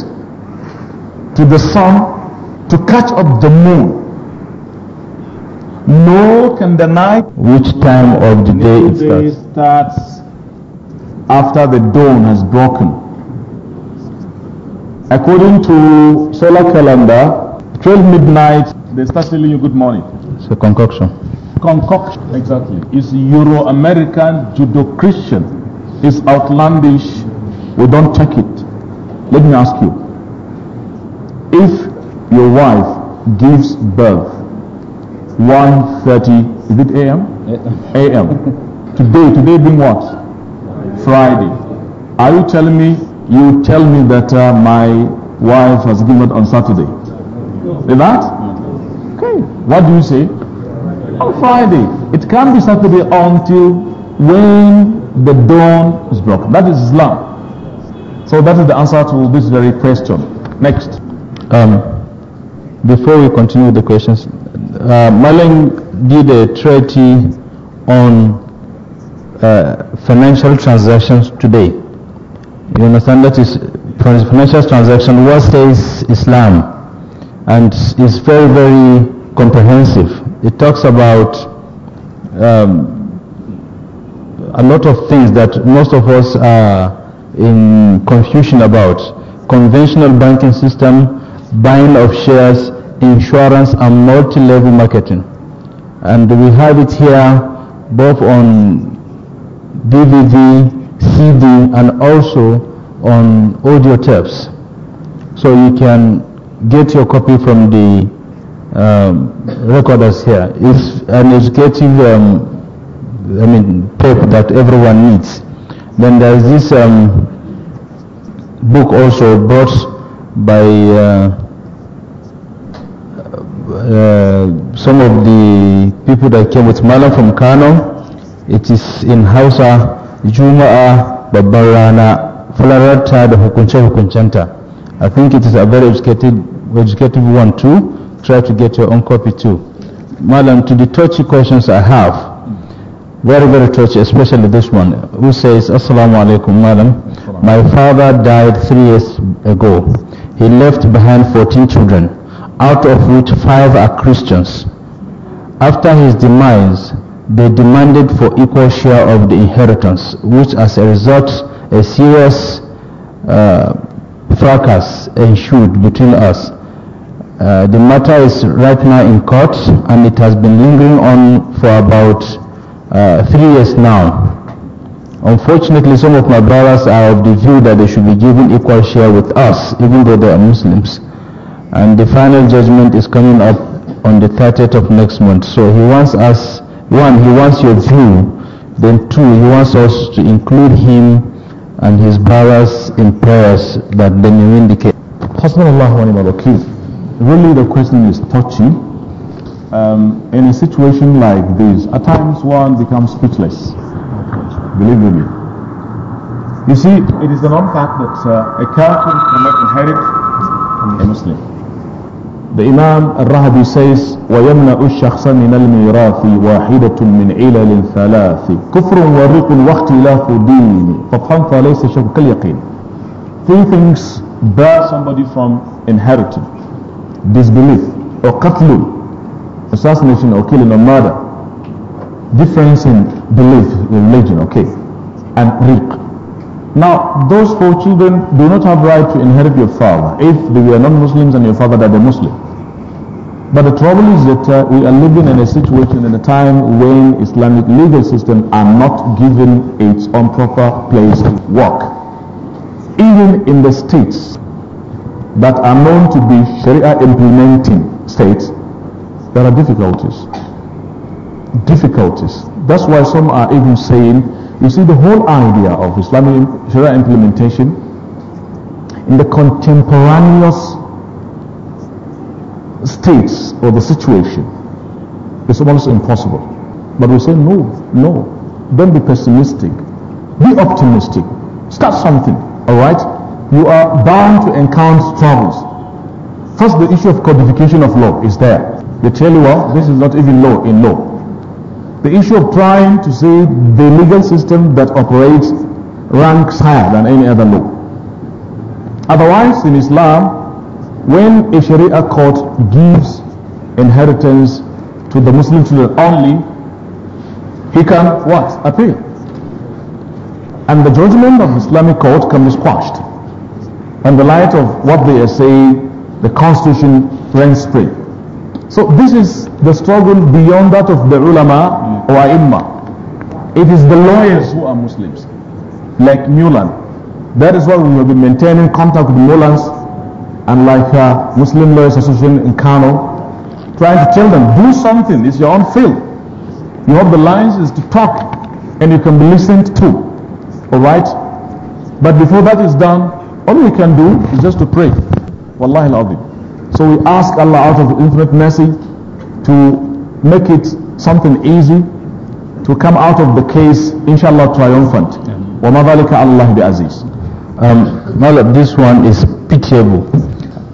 to the son to catch up the moon. Nor can the night, which time of the day it starts. starts after the dawn has broken. According to solar calendar, 12 midnight, they start telling you good morning. It's a concoction. Concoction, exactly. It's Euro-American Judo-Christian. It's outlandish. We don't take it. Let me ask you. If your wife gives birth 1.30, is it a.m.? a.m. today, today being what? Friday. Are you telling me, you tell me that uh, my wife has given on Saturday? Is that? Okay. What do you say? On Friday. It can't be Saturday until when the dawn is broken. That is Islam. So that is the answer to this very question. Next. Um, before we continue with the questions, uh, Maleng did a treaty on uh, financial transactions today. You understand that is financial transaction, what says Islam? And is very, very comprehensive. It talks about um, a lot of things that most of us are in confusion about. Conventional banking system, buying of shares, insurance, and multi-level marketing. And we have it here both on DVD, CD, and also on audio tapes. So you can get your copy from the um, recorders here. It's an educative, um, I mean, tape that everyone needs. Then there's this um, book also brought by uh, uh, uh, some of the people that came with Malam from Kano. It is in Hausa, Juma'a Babban Rana, Fulararta da hukunce I think it is a very educated, educative one too. Try to get your own copy too. Malam to the touchy questions I have, very, very touchy, especially this one, who says, Assalamu alaikum, madam. My father died three years ago. he left behind 14 children, out of which five are Christians. After his demise, they demanded for equal share of the inheritance, which as a result, a serious uh, fracas ensued between us. Uh, the matter is right now in court and it has been lingering on for about uh, three years now. Unfortunately, some of my brothers are of the view that they should be given equal share with us, even though they are Muslims. And the final judgment is coming up on the 30th of next month. So he wants us, one, he wants your view. Then two, he wants us to include him and his brothers in prayers that they may indicate. Really the question is touchy. Um, in a situation like this, at times one becomes speechless. believe in you. You see, it is a known fact that uh, a kafir cannot inherit a Muslim. The Imam al-Rahabi says, وَيَمْنَأُ الشَّخْصَ مِنَ الْمِيرَاثِ وَاحِدَةٌ مِنْ عِلَلِ الثَّلَاثِ كُفْرٌ وَرِقٌ وَاخْتِلَافُ دِينِ فَطْحَنْ فَلَيْسَ شَكُ كَالْيَقِينِ Three things bear somebody from inheriting. Disbelief or qatlu, assassination or killing or murder. difference in belief, religion, okay, and riq. Now, those four children do not have right to inherit your father if they were not muslims and your father died a Muslim. But the trouble is that uh, we are living in a situation in a time when Islamic legal system are not given its own proper place to work. Even in the states that are known to be Sharia implementing states, there are difficulties difficulties. That's why some are even saying, you see the whole idea of Islamic Sharia implementation in the contemporaneous states or the situation is almost impossible. But we say no, no. Don't be pessimistic. Be optimistic. Start something. Alright? You are bound to encounter troubles. First, the issue of codification of law is there. They tell you, well, this is not even law in law. The issue of trying to see the legal system that operates ranks higher than any other law. Otherwise, in Islam, when a Sharia court gives inheritance to the Muslim children only, he can what? Appeal. And the judgment of the Islamic court can be squashed. In the light of what they are saying, the constitution reigns supreme. So this is the struggle beyond that of the ulama or imma. It is the lawyers who are Muslims, like Mulan. That is why we have been maintaining contact with Mulans and like uh, Muslim Lawyers Association in Kano, trying to tell them, do something, it's your own field. You have the lines is to talk and you can be listened to. Alright? But before that is done, all we can do is just to pray. Wallahi al-Azim. So we ask Allah out of infinite mercy to make it something easy to come out of the case, inshallah, triumphant. um, Malab, this one is pitiable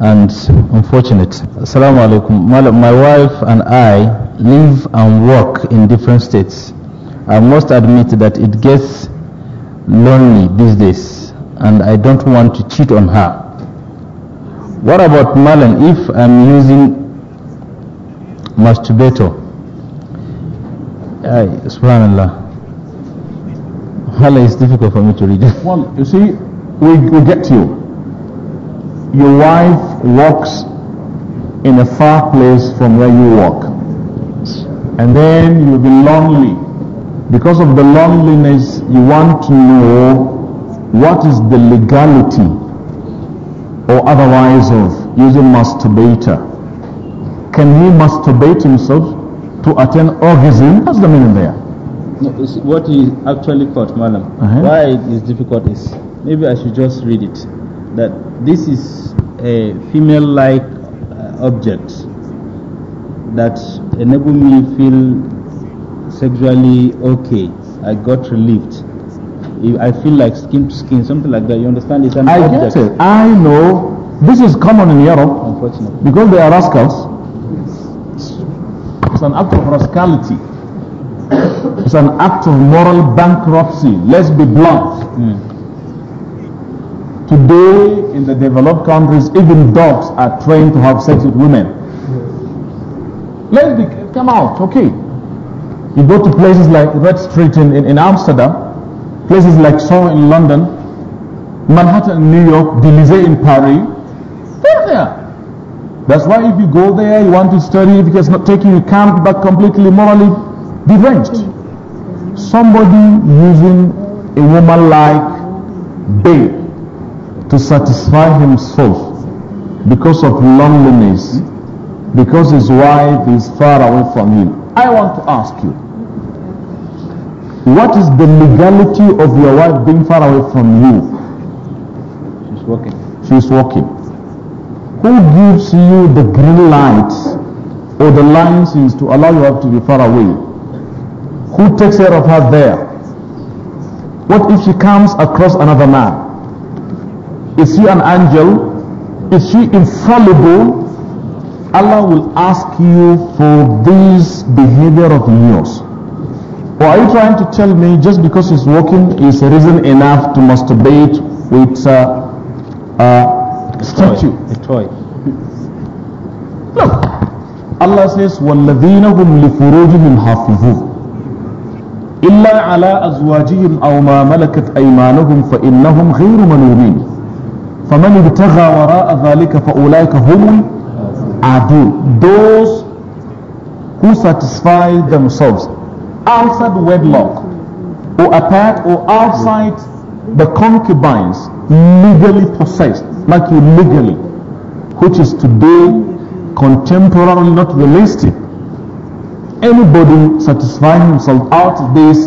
and unfortunate. Assalamu alaikum. Malab, my wife and I live and work in different states. I must admit that it gets lonely these days and I don't want to cheat on her. What about malan if I'm using masturbator? Ay, subhanallah. Malan is difficult for me to read. well, you see, we, we get you. Your wife walks in a far place from where you walk. And then you'll be lonely. Because of the loneliness, you want to know what is the legality or otherwise of using masturbator. Can he masturbate himself to attain orgasm? What's the meaning there? No, what he actually caught, madam. Uh -huh. Why it is difficult is maybe I should just read it. That this is a female-like uh, object that enable me feel sexually okay. I got relieved I feel like skin to skin, something like that. You understand? It's an I object. Get it. I know. This is common in Europe. Unfortunately. Because they are rascals. It's an act of rascality. it's an act of moral bankruptcy. Let's be blunt. Mm. Today, in the developed countries, even dogs are trained to have sex with women. Let's be, come out, okay. You go to places like Red Street in, in, in Amsterdam, places like Soho in London, Manhattan in New York, the in Paris. They're there. That's why if you go there, you want to study, if it's not taking you, come back completely morally deranged. Somebody using a woman like babe to satisfy himself because of loneliness, because his wife is far away from him. I want to ask you, what is the legality of your wife being far away from you? She's working. She's working. Who gives you the green light or the license to allow your wife to be far away? Who takes care of her there? What if she comes across another man? Is she an angel? Is she infallible? Allah will ask you for this behavior of yours. Or are you trying to tell me just because he's working is reason enough to masturbate with uh, uh, a statue? A toy. Look, Allah says, وَالَّذِينَ هُمْ لِفُرُوجِهِمْ حَافِظُونَ إِلَّا عَلَىٰ أَزْوَاجِهِمْ أَوْ مَا مَلَكَتْ أَيْمَانُهُمْ فَإِنَّهُمْ غَيْرُ مَلُومِينَ فمن ابتغى وراء ذلك فأولئك هم العدو those who satisfy themselves outside wedlock or apart or outside the concubines legally possessed, like you legally, which is today contemporarily not realistic. Anybody satisfying himself out of this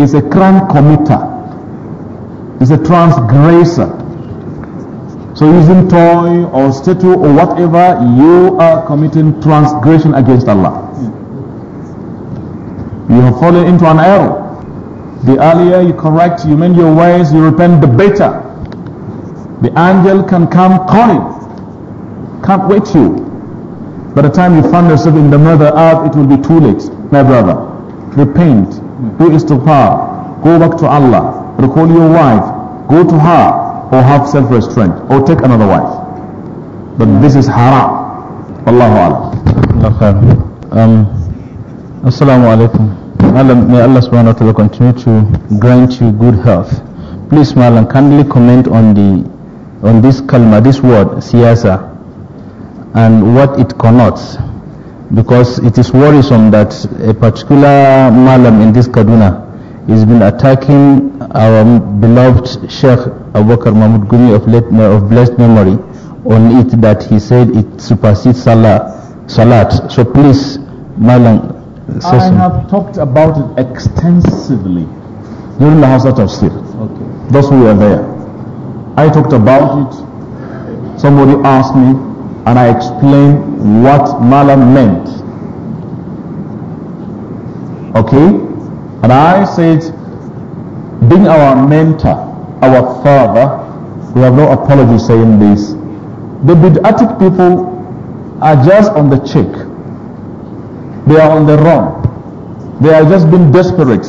is a crime committer, is a transgressor. So using toy or statue or whatever, you are committing transgression against Allah you have fallen into an error. The earlier you correct, you mend your ways, you repent, the better. The angel can come calling, can't wait you. By the time you find yourself in the mother earth, it will be too late, my brother. Repent, do istighfar, go back to Allah, recall your wife, go to her, or have self-restraint, or take another wife. But this is haram. Allahu Allah. Um, Assalamu alaikum. may Allah subhanahu wa ta'ala continue to grant you good health. Please, Malam, kindly comment on the on this kalma, this word, siyasa, and what it connotes. Because it is worrisome that a particular Malam in this Kaduna has been attacking our beloved Sheikh Abu Mahmud Gumi of, late, of blessed memory on it that he said it supersedes Salah, Salat. So please, Malam, I have talked about it extensively during the of Tafsir. Okay. Those who were there. I talked about it. Somebody asked me and I explained what Malam meant. Okay? And I said, being our mentor, our father, we have no apology saying this. The Bid'atic people are just on the check they are on the run. They are just being desperate.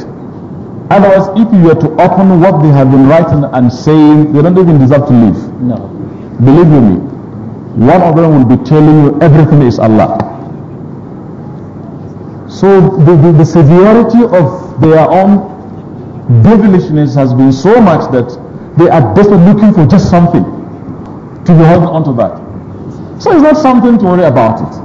Otherwise, if you were to open what they have been writing and saying, they don't even deserve to live. No. Believe me, one of them will be telling you everything is Allah. So the, the, the severity of their own devilishness has been so much that they are desperately looking for just something to be holding onto that. So it's not something to worry about it.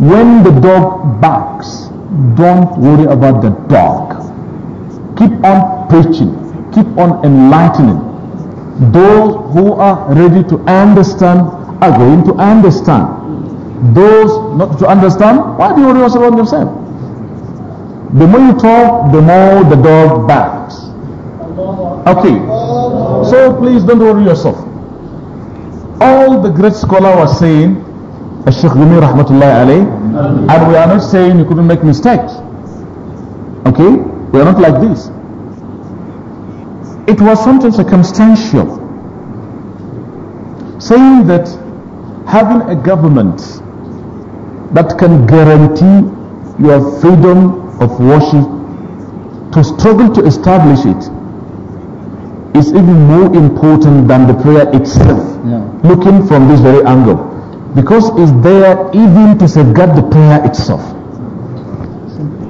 When the dog barks, don't worry about the dog. Keep on preaching. Keep on enlightening. Those who are ready to understand are going to understand. Those not to understand, why do you worry about themselves? The more you talk, the more the dog barks. Okay. So please don't worry yourself. All the great scholar was saying Sheikh Gumi rahmatullah alayhi. And we are not saying you couldn't make mistakes. Okay? We are not like this. It was something circumstantial. Saying that having a government that can guarantee your freedom of worship to struggle to establish it is even more important than the prayer itself. Yeah. Looking from this very angle. Because it's there even to safeguard the prayer itself.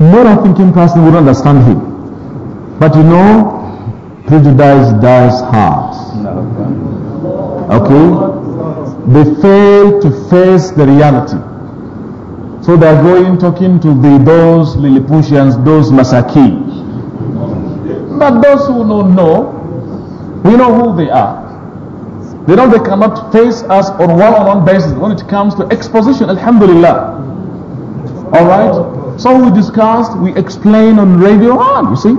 Not a thinking person would understand him. But you know, prejudice dies hard. Okay? They fail to face the reality. So they are going talking to the, those Lilliputians, those Masaki. But those who don't know, we know who they are. They know they cannot face us on one-on-one basis when it comes to exposition, alhamdulillah. Alright? So we discussed, we explained on radio on, you see.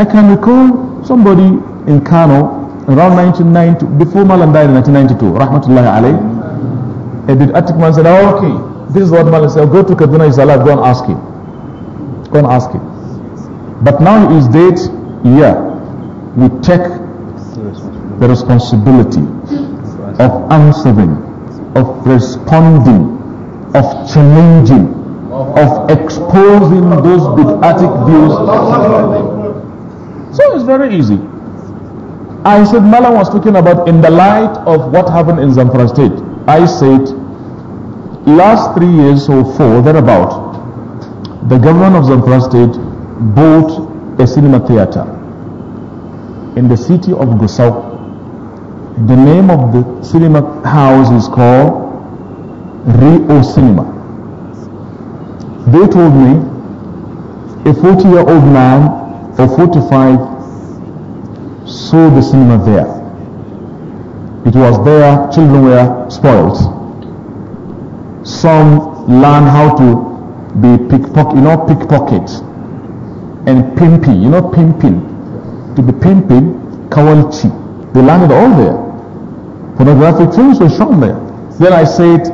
I can recall somebody in Kano around 1990, before Malan died in 1992, rahmatullahi alayhi. A bidatic man said, oh, okay, this is what Malan said, go to Kaduna, he's alive, go and ask him. Go and ask him. But now he is dead, yeah, we take the responsibility of answering, of responding, of challenging, of exposing those bid'atic views. So it's very easy. I said Malam was talking about in the light of what happened in Zamfara State. I said last three years or four, thereabout, the government of Zamfara State bought a cinema theater in the city of Gusau the name of the cinema house is called Rio Cinema. They told me a 40 year old man or 45 saw the cinema there. It was there, children were spoiled. Some learn how to be pickpocket, you know, pickpocket and pimping, you know, pimping. To be pimping, kawalchi. They learned it all there. Pornographic films were shown there. Then I said,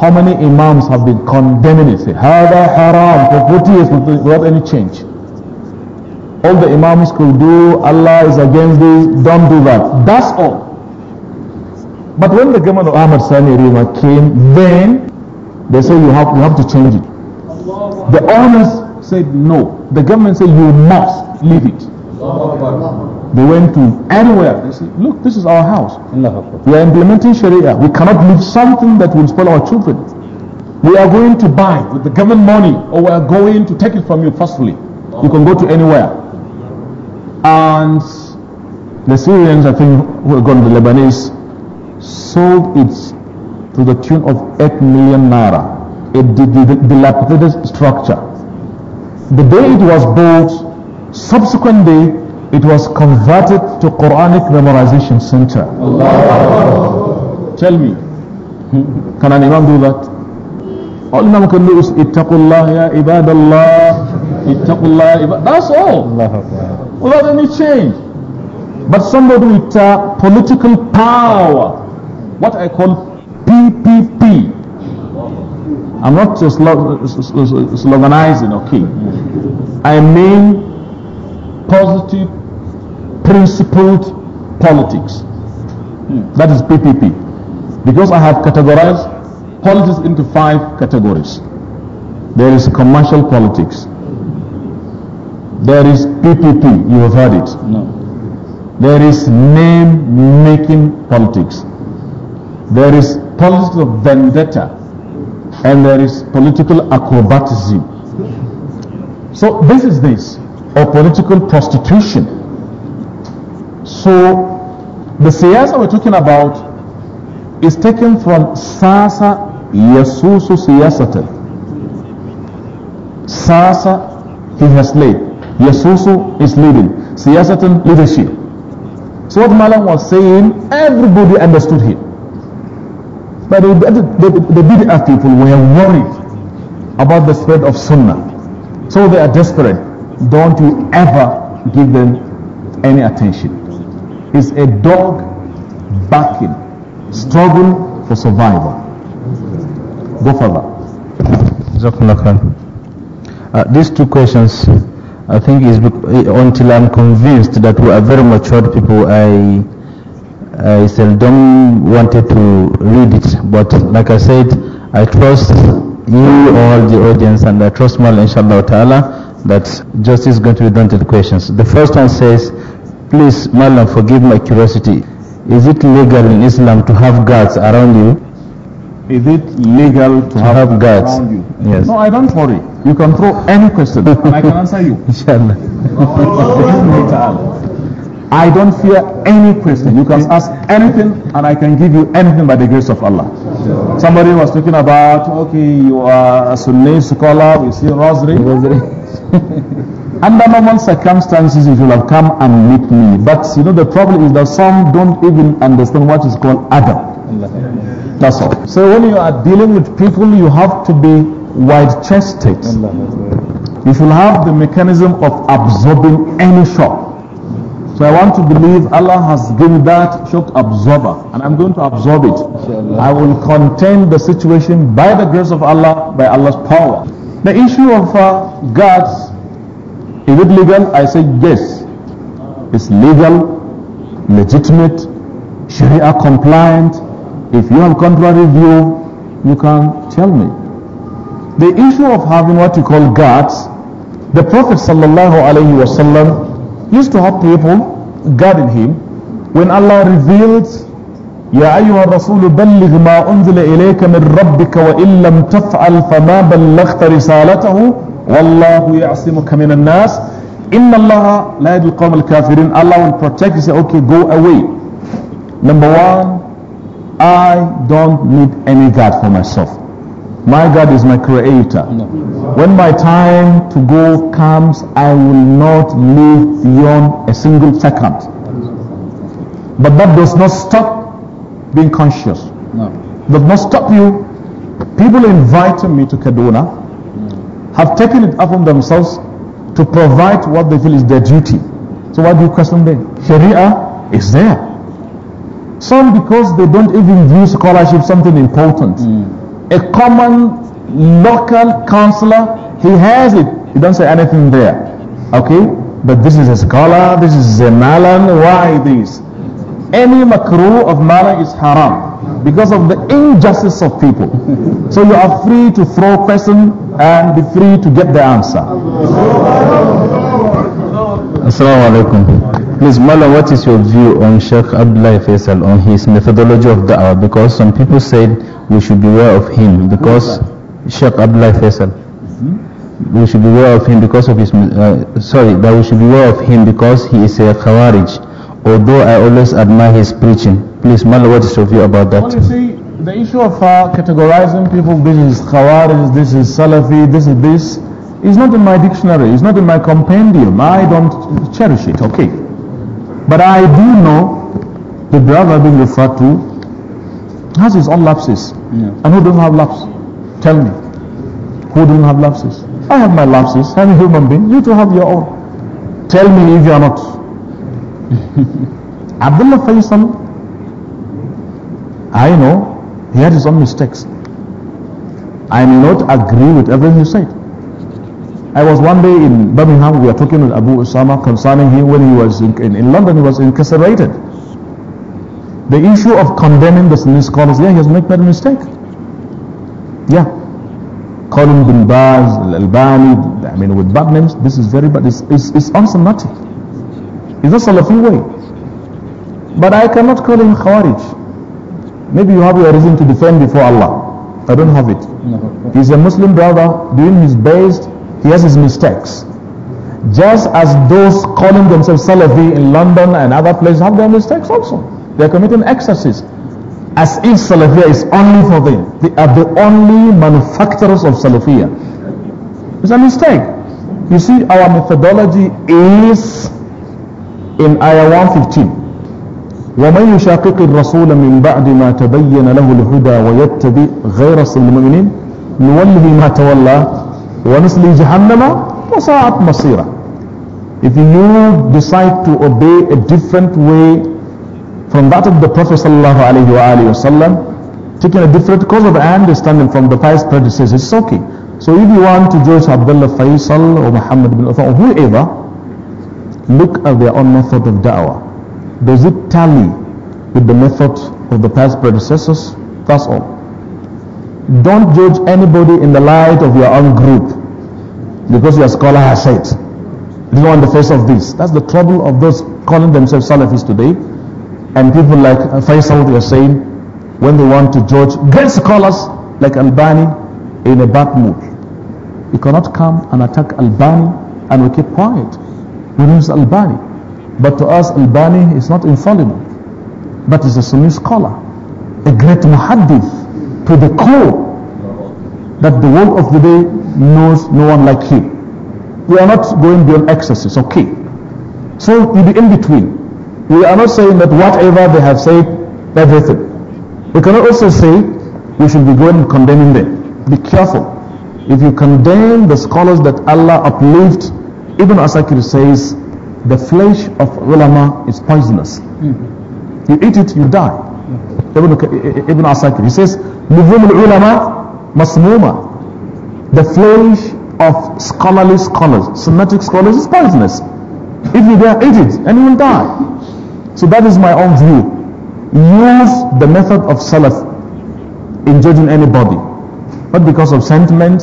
how many imams have been condemning it? Say, Hada haram for 40 years without any change. All the imams could do, Allah is against this, don't do that. That's all. But when the government of Ahmad Sani Rima came, then they say you have, you have to change it. The owners said no. The government said you must leave it. They went to anywhere. They said, look, this is our house. We are implementing Sharia. We cannot leave something that will spoil our children. We are going to buy with the government money or we are going to take it from you forcefully. You can go to anywhere. And the Syrians, I think, who are going to the Lebanese, sold it to the tune of 8 million naira. A dilapidated structure. The day it was bought, subsequent day, it was converted to Quranic memorization center. Allah. Tell me, can an Imam do that? All Imam can do is ittaqullah ya ibadallah, ittaqullah ibad. That's all. Without any change. But somebody with uh, political power, what I call PPP. I'm not just sloganizing, okay. I mean positive principled politics. Hmm. That is PPP. Because I have categorized politics into five categories. There is commercial politics. There is PPP. You have heard it. No. There is name-making politics. There is politics of vendetta. And there is political acrobatism. So this is this, or political prostitution. So the siyasa we're talking about is taken from sasa yasusu siyasatan. Sasa, he has led. Yasusu is leading. Siyasatan, leadership. So what Malam was saying, everybody understood him. But the, the, the, the Bid'ah people were worried about the spread of Sunnah. So they are desperate. Don't you ever give them any attention is a dog barking, struggling for survival. Go further. Uh, these two questions, I think, is eh, until I'm convinced that we are very matured people, I, I seldom wanted to read it. But like I said, I trust you all the audience and I trust Mal inshallah ta'ala that justice is going to be done to the questions. The first one says, Please, madam, forgive my curiosity. Is it legal in Islam to have guards around you? Is it legal to, to have, have, guards around you? Yes. No, I don't worry. You can throw any question and I can answer you. Inshallah. I don't fear any question. You can ask anything and I can give you anything by the grace of Allah. Somebody was talking about, okay, you are a Sunni scholar, we see Rosary. Under normal circumstances, you will have come and meet me. But you know, the problem is that some don't even understand what is called Adam. That's all. So when you are dealing with people, you have to be wide-chested. You should have the mechanism of absorbing any shock. So I want to believe Allah has given that shock absorber and I'm going to absorb it. I will contain the situation by the grace of Allah, by Allah's power. The issue of uh, Is it legal? I say yes. It's legal, legitimate, Sharia compliant. If you have contrary view, you can tell me. The issue of having what you call guards, the Prophet sallallahu used to have people guarding him. When Allah revealed, يا أيها الرسول بلغ ما أنزل إليك من ربك وإن لم تفعل فما بلغت رسالته Wallahu in the nas. Inna Allah la yadil qawm al-kafirin. Allah will protect you. Say, okay, go away. Number one, I don't need any God for myself. My God is my creator. No. When my time to go comes, I will not live beyond a single second. But that does not stop being conscious. No. Does not stop you. People invited me to Kaduna have taken it upon themselves to provide what they feel is their duty. So why do you question them? Sharia is there. Some because they don't even view scholarship something important. Mm. A common local counselor, he has it. He don't say anything there. Okay? But this is a scholar, this is a malan, why this? Any makruh of malan is haram because of the injustice of people. so you are free to throw question and be free to get the answer. Assalamu alaikum. Please, Mala, what is your view on Sheikh Abdullah Faisal on his methodology of da'wah? Because some people said we should beware of him because Sheikh Abdullah Faisal. We should beware of him because of his, uh, sorry, that we should beware of him because he is a Khawarij. Although I always admire his preaching. Please, Mala, what is your view about that? the issue of uh, categorizing people, this is Khawarij, this is Salafi, this is this, is not in my dictionary, it's not in my compendium. I don't cherish it, okay. But I do know the brother being referred to has his own lapses. Yeah. And who don't have lapses? Tell me. Who don't have lapses? I have my lapses. I'm a human being. You too have your own. Tell me if you are not. Abdullah Faisal, I know he had his own mistakes. I may not agree with everything he said. I was one day in Birmingham, we were talking with Abu Osama concerning him when he was in, in, in London, he was incarcerated. The issue of condemning the Sunni scholars, yeah, he has made that mistake. Yeah. Colin bin Baz, Al-Albani, I mean with bad names, this is very bad. It's, it's, it's unsunnatic. It's not Salafi way. But I cannot call him Khawarij. Maybe you have your reason to defend before Allah. I don't have it. He's a Muslim brother doing his best. He has his mistakes. Just as those calling themselves Salafi in London and other places have their mistakes also. They're committing excesses. As if Salafiyah is only for them. They are the only manufacturers of Salafiyah. It's a mistake. You see, our methodology is in Ayah 115. ومن يشاقق الرسول من بعد ما تبين له الهدى ويتبع غير سبيل المؤمنين نوله ما تولى ونسلي جهنم وساءت مصيره If you decide to obey a different way from that of the Prophet sallallahu alayhi wa alayhi wasallam, taking a different course of understanding from the pious practices, it's okay. So if you want to judge Abdullah Faisal or Muhammad bin Uthman or whoever, look at their own method of da'wah. does it tally with the method of the past predecessors? That's all. Don't judge anybody in the light of your own group because your scholar has said. You know, on the face of this. That's the trouble of those calling themselves Salafis today. And people like Faisal, they are saying, when they want to judge great scholars like Albani in a bad mood. You cannot come and attack Albani and we keep quiet. We use Albani. But to us, Al-Bani is not infallible, but is a Sunni scholar, a great muhaddith to the core that the world of the day knows no one like him. We are not going beyond excesses, okay? So we be in between. We are not saying that whatever they have said, everything. We cannot also say we should be going and condemning them. Be careful. If you condemn the scholars that Allah uplifts, Ibn Asakir says, the flesh of ulama is poisonous. Mm. You eat it, you die. Mm. Ibn, Ibn Asakir, he says, Luvum ulama masmuma. The flesh of scholarly scholars, Semitic scholars is poisonous. If you dare eat it, and you will die. So that is my own view. Use the method of Salaf in judging anybody. Not because of sentiment,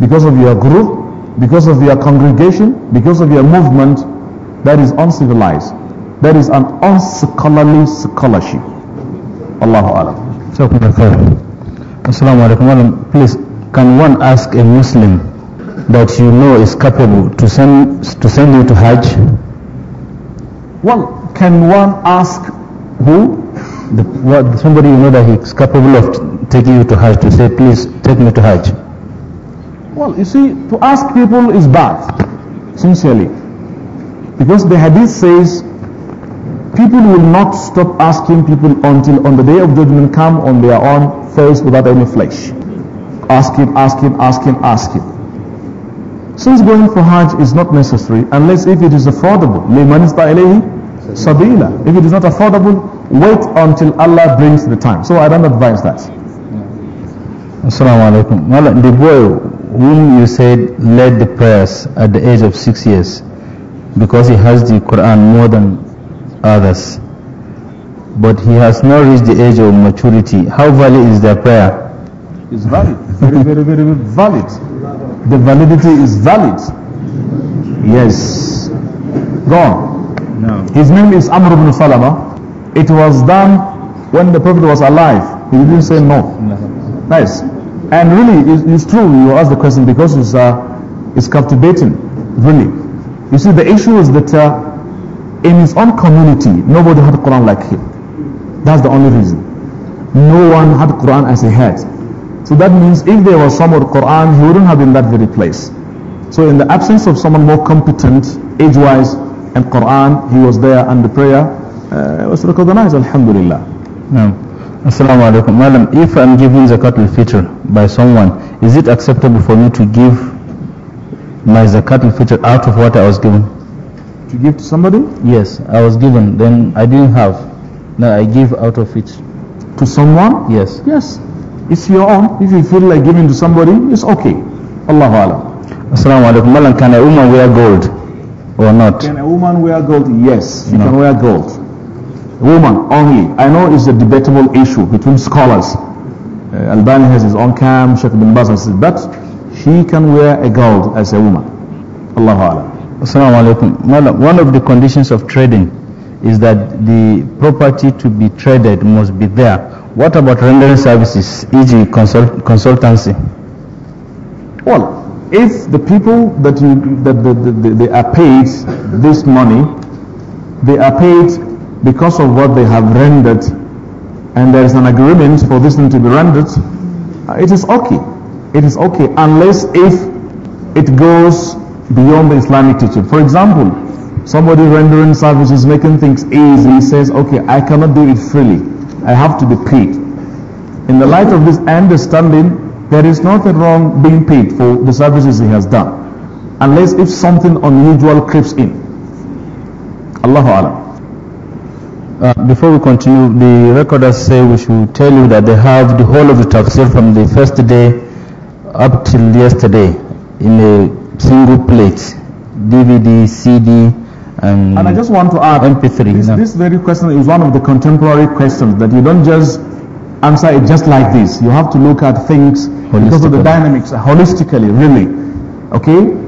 because of your group, because of your congregation, because of your movement, that is uncivilized. That is an unscholarly scholarship. Allahu Alam. Assalamu alaikum. Please, can one ask a Muslim that you know is capable to send, to send you to Hajj? Well, can one ask who? The, what, somebody you know that he's capable of taking you to Hajj to say, please take me to Hajj. Well, you see, to ask people is bad, sincerely. Because the hadith says, people will not stop asking people until on the day of judgment come on their own face without any flesh. Asking, asking, asking, asking. Since going for Hajj is not necessary unless if it is affordable. لِمَنْ إِلَيْهِ sabila. If it is not affordable, wait until Allah brings the time. So I don't advise that. Assalamualaikum. alaikum. Well, the boy whom you said led the prayers at the age of six years, because he has the Quran more than others. But he has not reached the age of maturity. How valid is their prayer? It's valid. Very, very, very, valid. The validity is valid. Yes. Go on. No. His name is Amr ibn Salama. It was done when the Prophet was alive. He didn't say no. no. Nice. And really, it's, it's, true you ask the question because it's, uh, it's captivating. Really. You see, the issue is that uh, in his own community, nobody had Quran like him. That's the only reason. No one had Quran as he had. So that means if there was someone Quran, he wouldn't have been that very place. So in the absence of someone more competent, age-wise, and Quran, he was there and the prayer uh, was recognized, alhamdulillah. No. Assalamu alaikum. Madam, if I'm giving zakat al-fitr by someone, is it acceptable for me to give my zakat is filtered out of what I was given. To give to somebody? Yes, I was given. Then I didn't have. Now I give out of it. To someone? Yes. Yes. It's your own. If you feel like giving to somebody, it's okay. Allahu Alam. Assalamu alaikum. Malan, can a woman wear gold or not? Can a woman wear gold? Yes, she no. can wear gold. Woman only. I know it's a debatable issue between scholars. Uh, Albani has his own camp, Sheikh bin Baz has his, but she can wear a gown as a woman. Allahu Alam. Assalamu alaikum. One of the conditions of trading is that the property to be traded must be there. What about rendering services, e.g. Consult consultancy? Well, if the people that, you, that the, the, the, they are paid this money, they are paid because of what they have rendered, and there is an agreement for this thing to be rendered, uh, it is okay it is okay unless if it goes beyond the Islamic teaching. For example, somebody rendering services, making things easy, says, okay, I cannot do it freely. I have to be paid. In the light of this understanding, there is nothing wrong being paid for the services he has done. Unless if something unusual creeps in. Allahu Alam. Uh, before we continue, the recorders say we should tell you that they have the whole of the tafsir from the first day up till yesterday in a single plate DVD, CD, and, and I just want to add MP3. This, no. this very question is one of the contemporary questions that you don't just answer it just like this. You have to look at things because of the dynamics uh, holistically, really. Okay?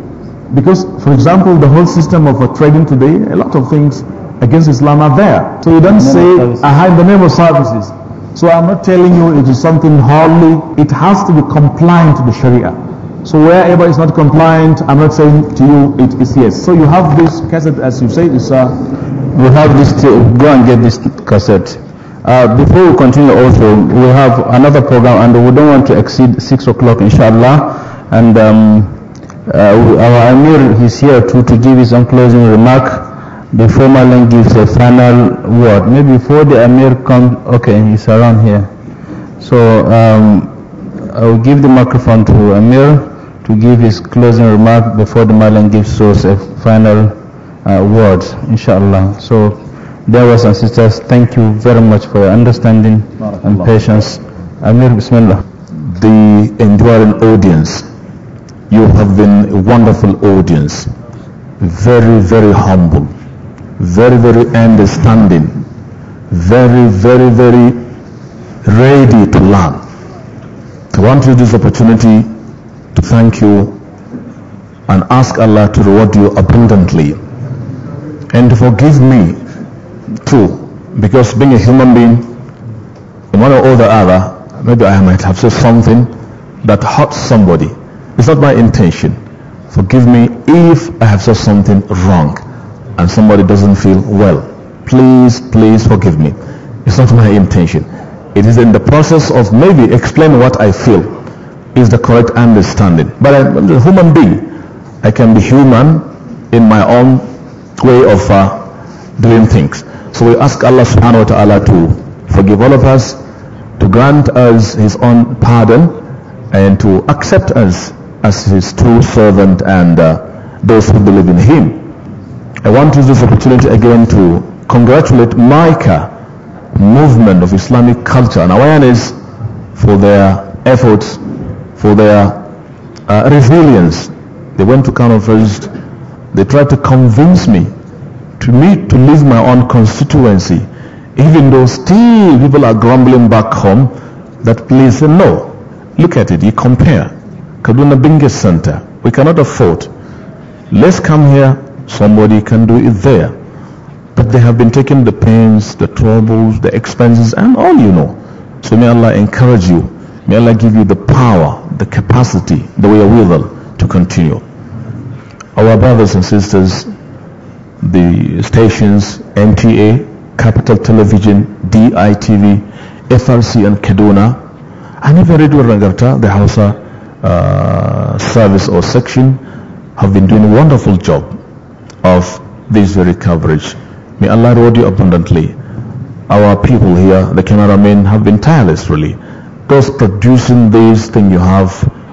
Because, for example, the whole system of trading today, a lot of things against Islam are there. So you don't say, I hide the name of services. So I'm not telling you it is something holy. It has to be compliant to the Sharia. So wherever it's not compliant, I'm not saying to you it is yes. So you have this cassette, as you say, sir. a. We have this. go and get this cassette. Uh, before we continue, also we have another program, and we don't want to exceed six o'clock, inshallah. And um, uh, our Amir is here too to give his own closing remark the former link gives a final word. Maybe before the Amir comes, okay, he's around here. So um, I'll give the microphone to Amir to give his closing remark before the Malan gives us a final uh, word, inshallah. So brothers and sisters, thank you very much for your understanding and patience. Amir, Bismillah. The enduring audience, you have been a wonderful audience, very, very humble very, very understanding, very, very, very ready to learn. I want to use this opportunity to thank you and ask Allah to reward you abundantly and to forgive me too because being a human being in one or the other maybe I might have said something that hurt somebody it's not my intention forgive me if I have said something wrong and somebody doesn't feel well, please, please forgive me. It's not my intention. It is in the process of maybe explaining what I feel is the correct understanding. But I'm a human being. I can be human in my own way of uh, doing things. So we ask Allah subhanahu wa ta'ala to forgive all of us, to grant us his own pardon, and to accept us as his true servant and uh, those who believe in him. I want to use this opportunity again to congratulate MICA movement of Islamic culture and awareness for their efforts, for their uh, resilience. They went to conference. They tried to convince me to meet to leave my own constituency, even though still people are grumbling back home. That please no. Look at it. You compare Kaduna Bingis Center. We cannot afford. Let's come here Somebody can do it there. But they have been taking the pains, the troubles, the expenses, and all you know. So may Allah encourage you. May Allah give you the power, the capacity, the wherewithal to continue. Our brothers and sisters, the stations MTA, Capital Television, DITV, FRC and Kaduna, and even Radio Rangarta, the Hausa uh, service or section, have been doing a wonderful job of this very coverage. May Allah reward you abundantly. Our people here, the cameramen, have been tireless really. Those producing these thing you have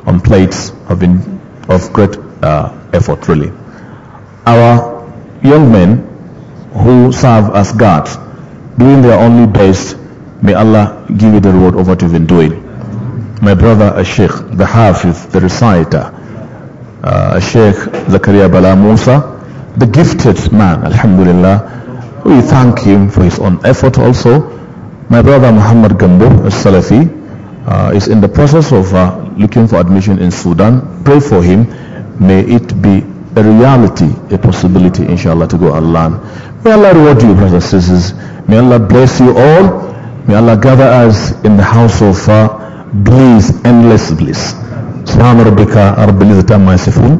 on plates have been of great uh, effort really. Our young men who serve as guards, doing their only best, may Allah give you the reward of what you've been doing. My brother, a sheikh, the Hafiz, the reciter, uh, Sheikh Zakaria Bala Musa, the gifted man, Alhamdulillah. We thank him for his own effort also. My brother Muhammad Gambo, a Salafi, uh, is in the process of uh, looking for admission in Sudan. Pray for him. May it be a reality, a possibility, inshallah, to go and learn. May Allah reward you, brothers and sisters. May Allah bless you all. May Allah gather us in the house of uh, bliss, endless bliss. سبحان ربك رب العزة عما يصفون